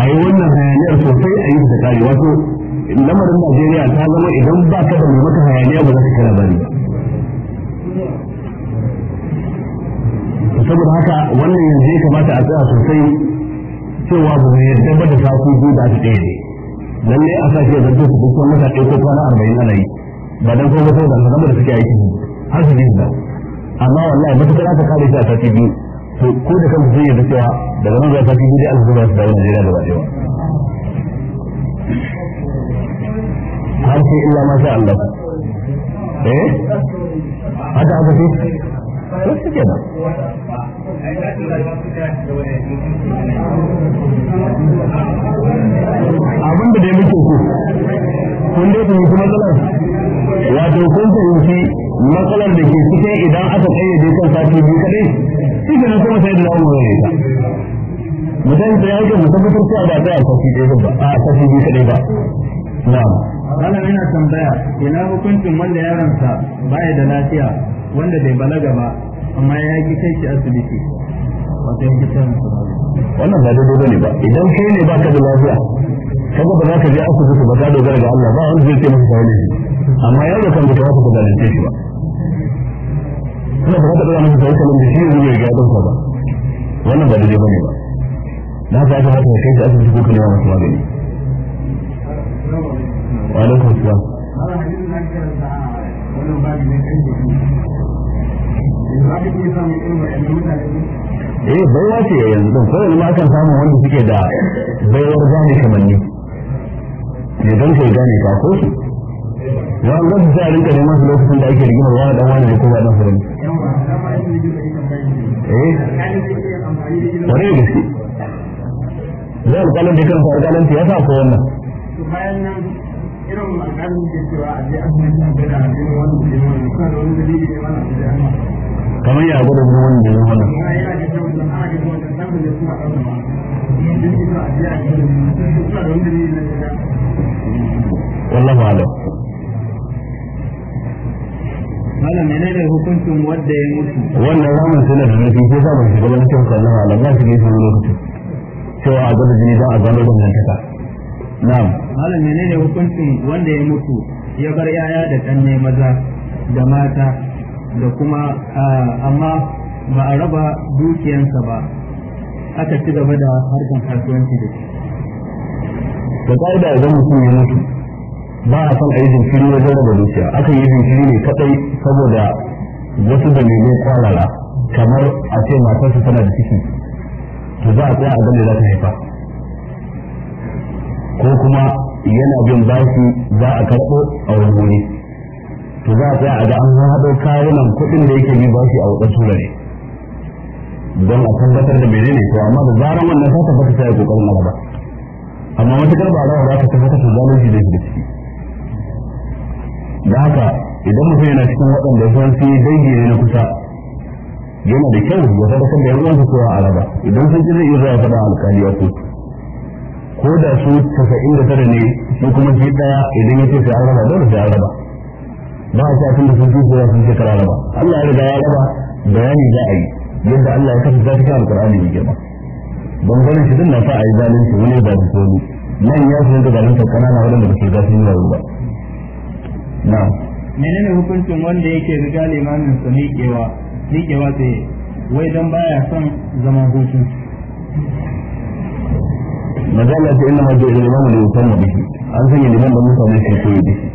a yi wannan hayaniyar sosai a yi da kare wato lamarin Najeriya ta zama idan ba ka da mai maka hayaniya ba za ka kira bari saboda haka wannan yanzu ya kamata a tsaya sosai cewa ba zai yarda ba da safi biyu da aka ɗaya ne lallai a sake zan su duk wani masa ɗaya ko kwana arba'in ana yi ba dan kuma saboda zama da suke aiki har su biyu amma wallahi kira ta kare shi a sati biyu to ko da kan zai yarda cewa daga nan a sati biyu dai an zuba su dawo Najeriya da ɗaya har sai illa ma sha Allah eh haka aka ce to shi kenan abin da dai muke so kun dai fahimci matsalar wato kun fahimci matsalar da ke cikin idan aka kayyade kan sati biyu kadai shi kenan kuma sai da lawan mai ta mutum da yake mutum mutum a ba ta a sati ba a sati biyu kadai ba na'am malam yana tambaya ina hukuncin wanda yaransa baya da lafiya wanda bai balaga ba amma ya yi kai shi asibiti wannan ba daidai bane ba idan kai ne baka da lafiya kaga ba za ka je asibiti ba ka dogara ga Allah ba wanda zai ce maka kai ne amma yaro kan ba ka ka zalunce shi ba kuma ba za ka dora masa da shi ne ya ga ba wannan ba daidai bane ba na za ka haka kai shi asibiti ko ka nema masa magani wa alaikum salam eh baiwa ce yanzu ko yanzu akan samu wanda suke da baiwar gane Ni ne don kai gane ka ko su ya an gasu sai a rinka neman su lokacin da ake rigimar wani dan wani ne ko wani furin eh wani da shi zai alƙalin da kan fa alƙalin ya sa ko wannan kamar alƙalin ke cewa a wani da ya wani da wani ne da wani da Malam menene hukuncin wadda ya mutu? Wannan ramin suna da nufin sai sa ban shiga wani kyau kan shi ne lokacin. Cewa a jini don a gano dangantaka. na'am malam menene hukuncin wanda ya mutu ya bar yaya da kanne maza da mata da kuma amma ba a raba dukiyansa ba aka ci gaba da harkar kasuwanci da shi da ƙa'ida idan mutum ya mutu ba a son a yi jinkiri wajen raba dukiya aka yi jinkiri ne kaɗai saboda wasu dalilai kwarara kamar a ce matarsa tana da ciki to za a tsaya a gane za ta haifa ko kuma yana bin bashi za a karɓo a wani to za a tsaya a ga an haɗo kayanan kuɗin da yake bin bashi a tura ne don a tabbatar da ne to amma da zaran wannan ta tabbata sai kokarin maraba amma wata Garba rawa za ta tabbata ta zalunci da shi da haka idan mutum yana cikin waɗanda sun fi dangi ne na kusa yana da kyau ya sadaukar da yan uwansa kowa a raba idan sun ci zai iya zuwa faɗa alƙali a kotu ko da su casa'in da tara ne shi kuma shi ɗaya idan ya ce sai an raba dole sai an raba ba a sa da sun fi kowa sun shekara raba Allah ya riga ya raba bayani za a yi yadda Allah ya kasa zafi kan Qur'ani ne girma bangaren shi din na sa a yi zalunci wani ba su tsoni nan ya fi da zalunta kanana wadanda ba su riga sun yi ba na menene hukuncin wanda yake riga limamin su miƙewa tsaye sai wai dan baya son zaman hutu maza Allah ta inna majiyar liman da wutar mu biki an sanya liman da mutane ke so yi biki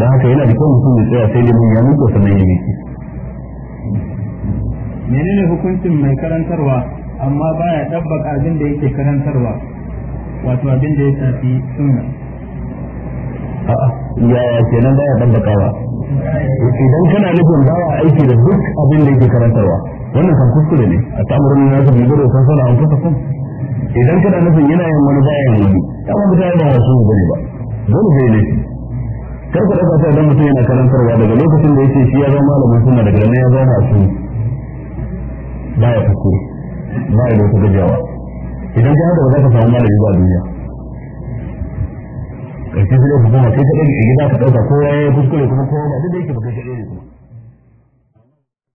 da haka yana da kyau mutum ya tsaya sai liman ya mutu sannan ya biki menene hukuncin mai karantarwa amma baya dabbaka abin da yake karantarwa wato abin da ya shafi sunna a'a yaya kenan baya dabbakawa idan kana nufin baya aiki da duk abin da yake karantarwa wannan kan kuskure ne a ta'amurin nasu bi gudu kan sana an kusa kun idan kana nufin yana yin wani baya yin wani amma mutane ba wasu ba ne ba dole zai laifi kar ku ɗauka idan mutum yana karantarwa daga lokacin da yake shi ya zama malamin suna daga nan ya zama su baya fuku baya da wata gajawa idan ka haka ba za ka samu malami ba duniya ƙarshe sai da koma sai ka ɗauki gida ka ɗauka kowa ya kuskure kuma kowa ba duk da yake ba kai kaɗai ne kuma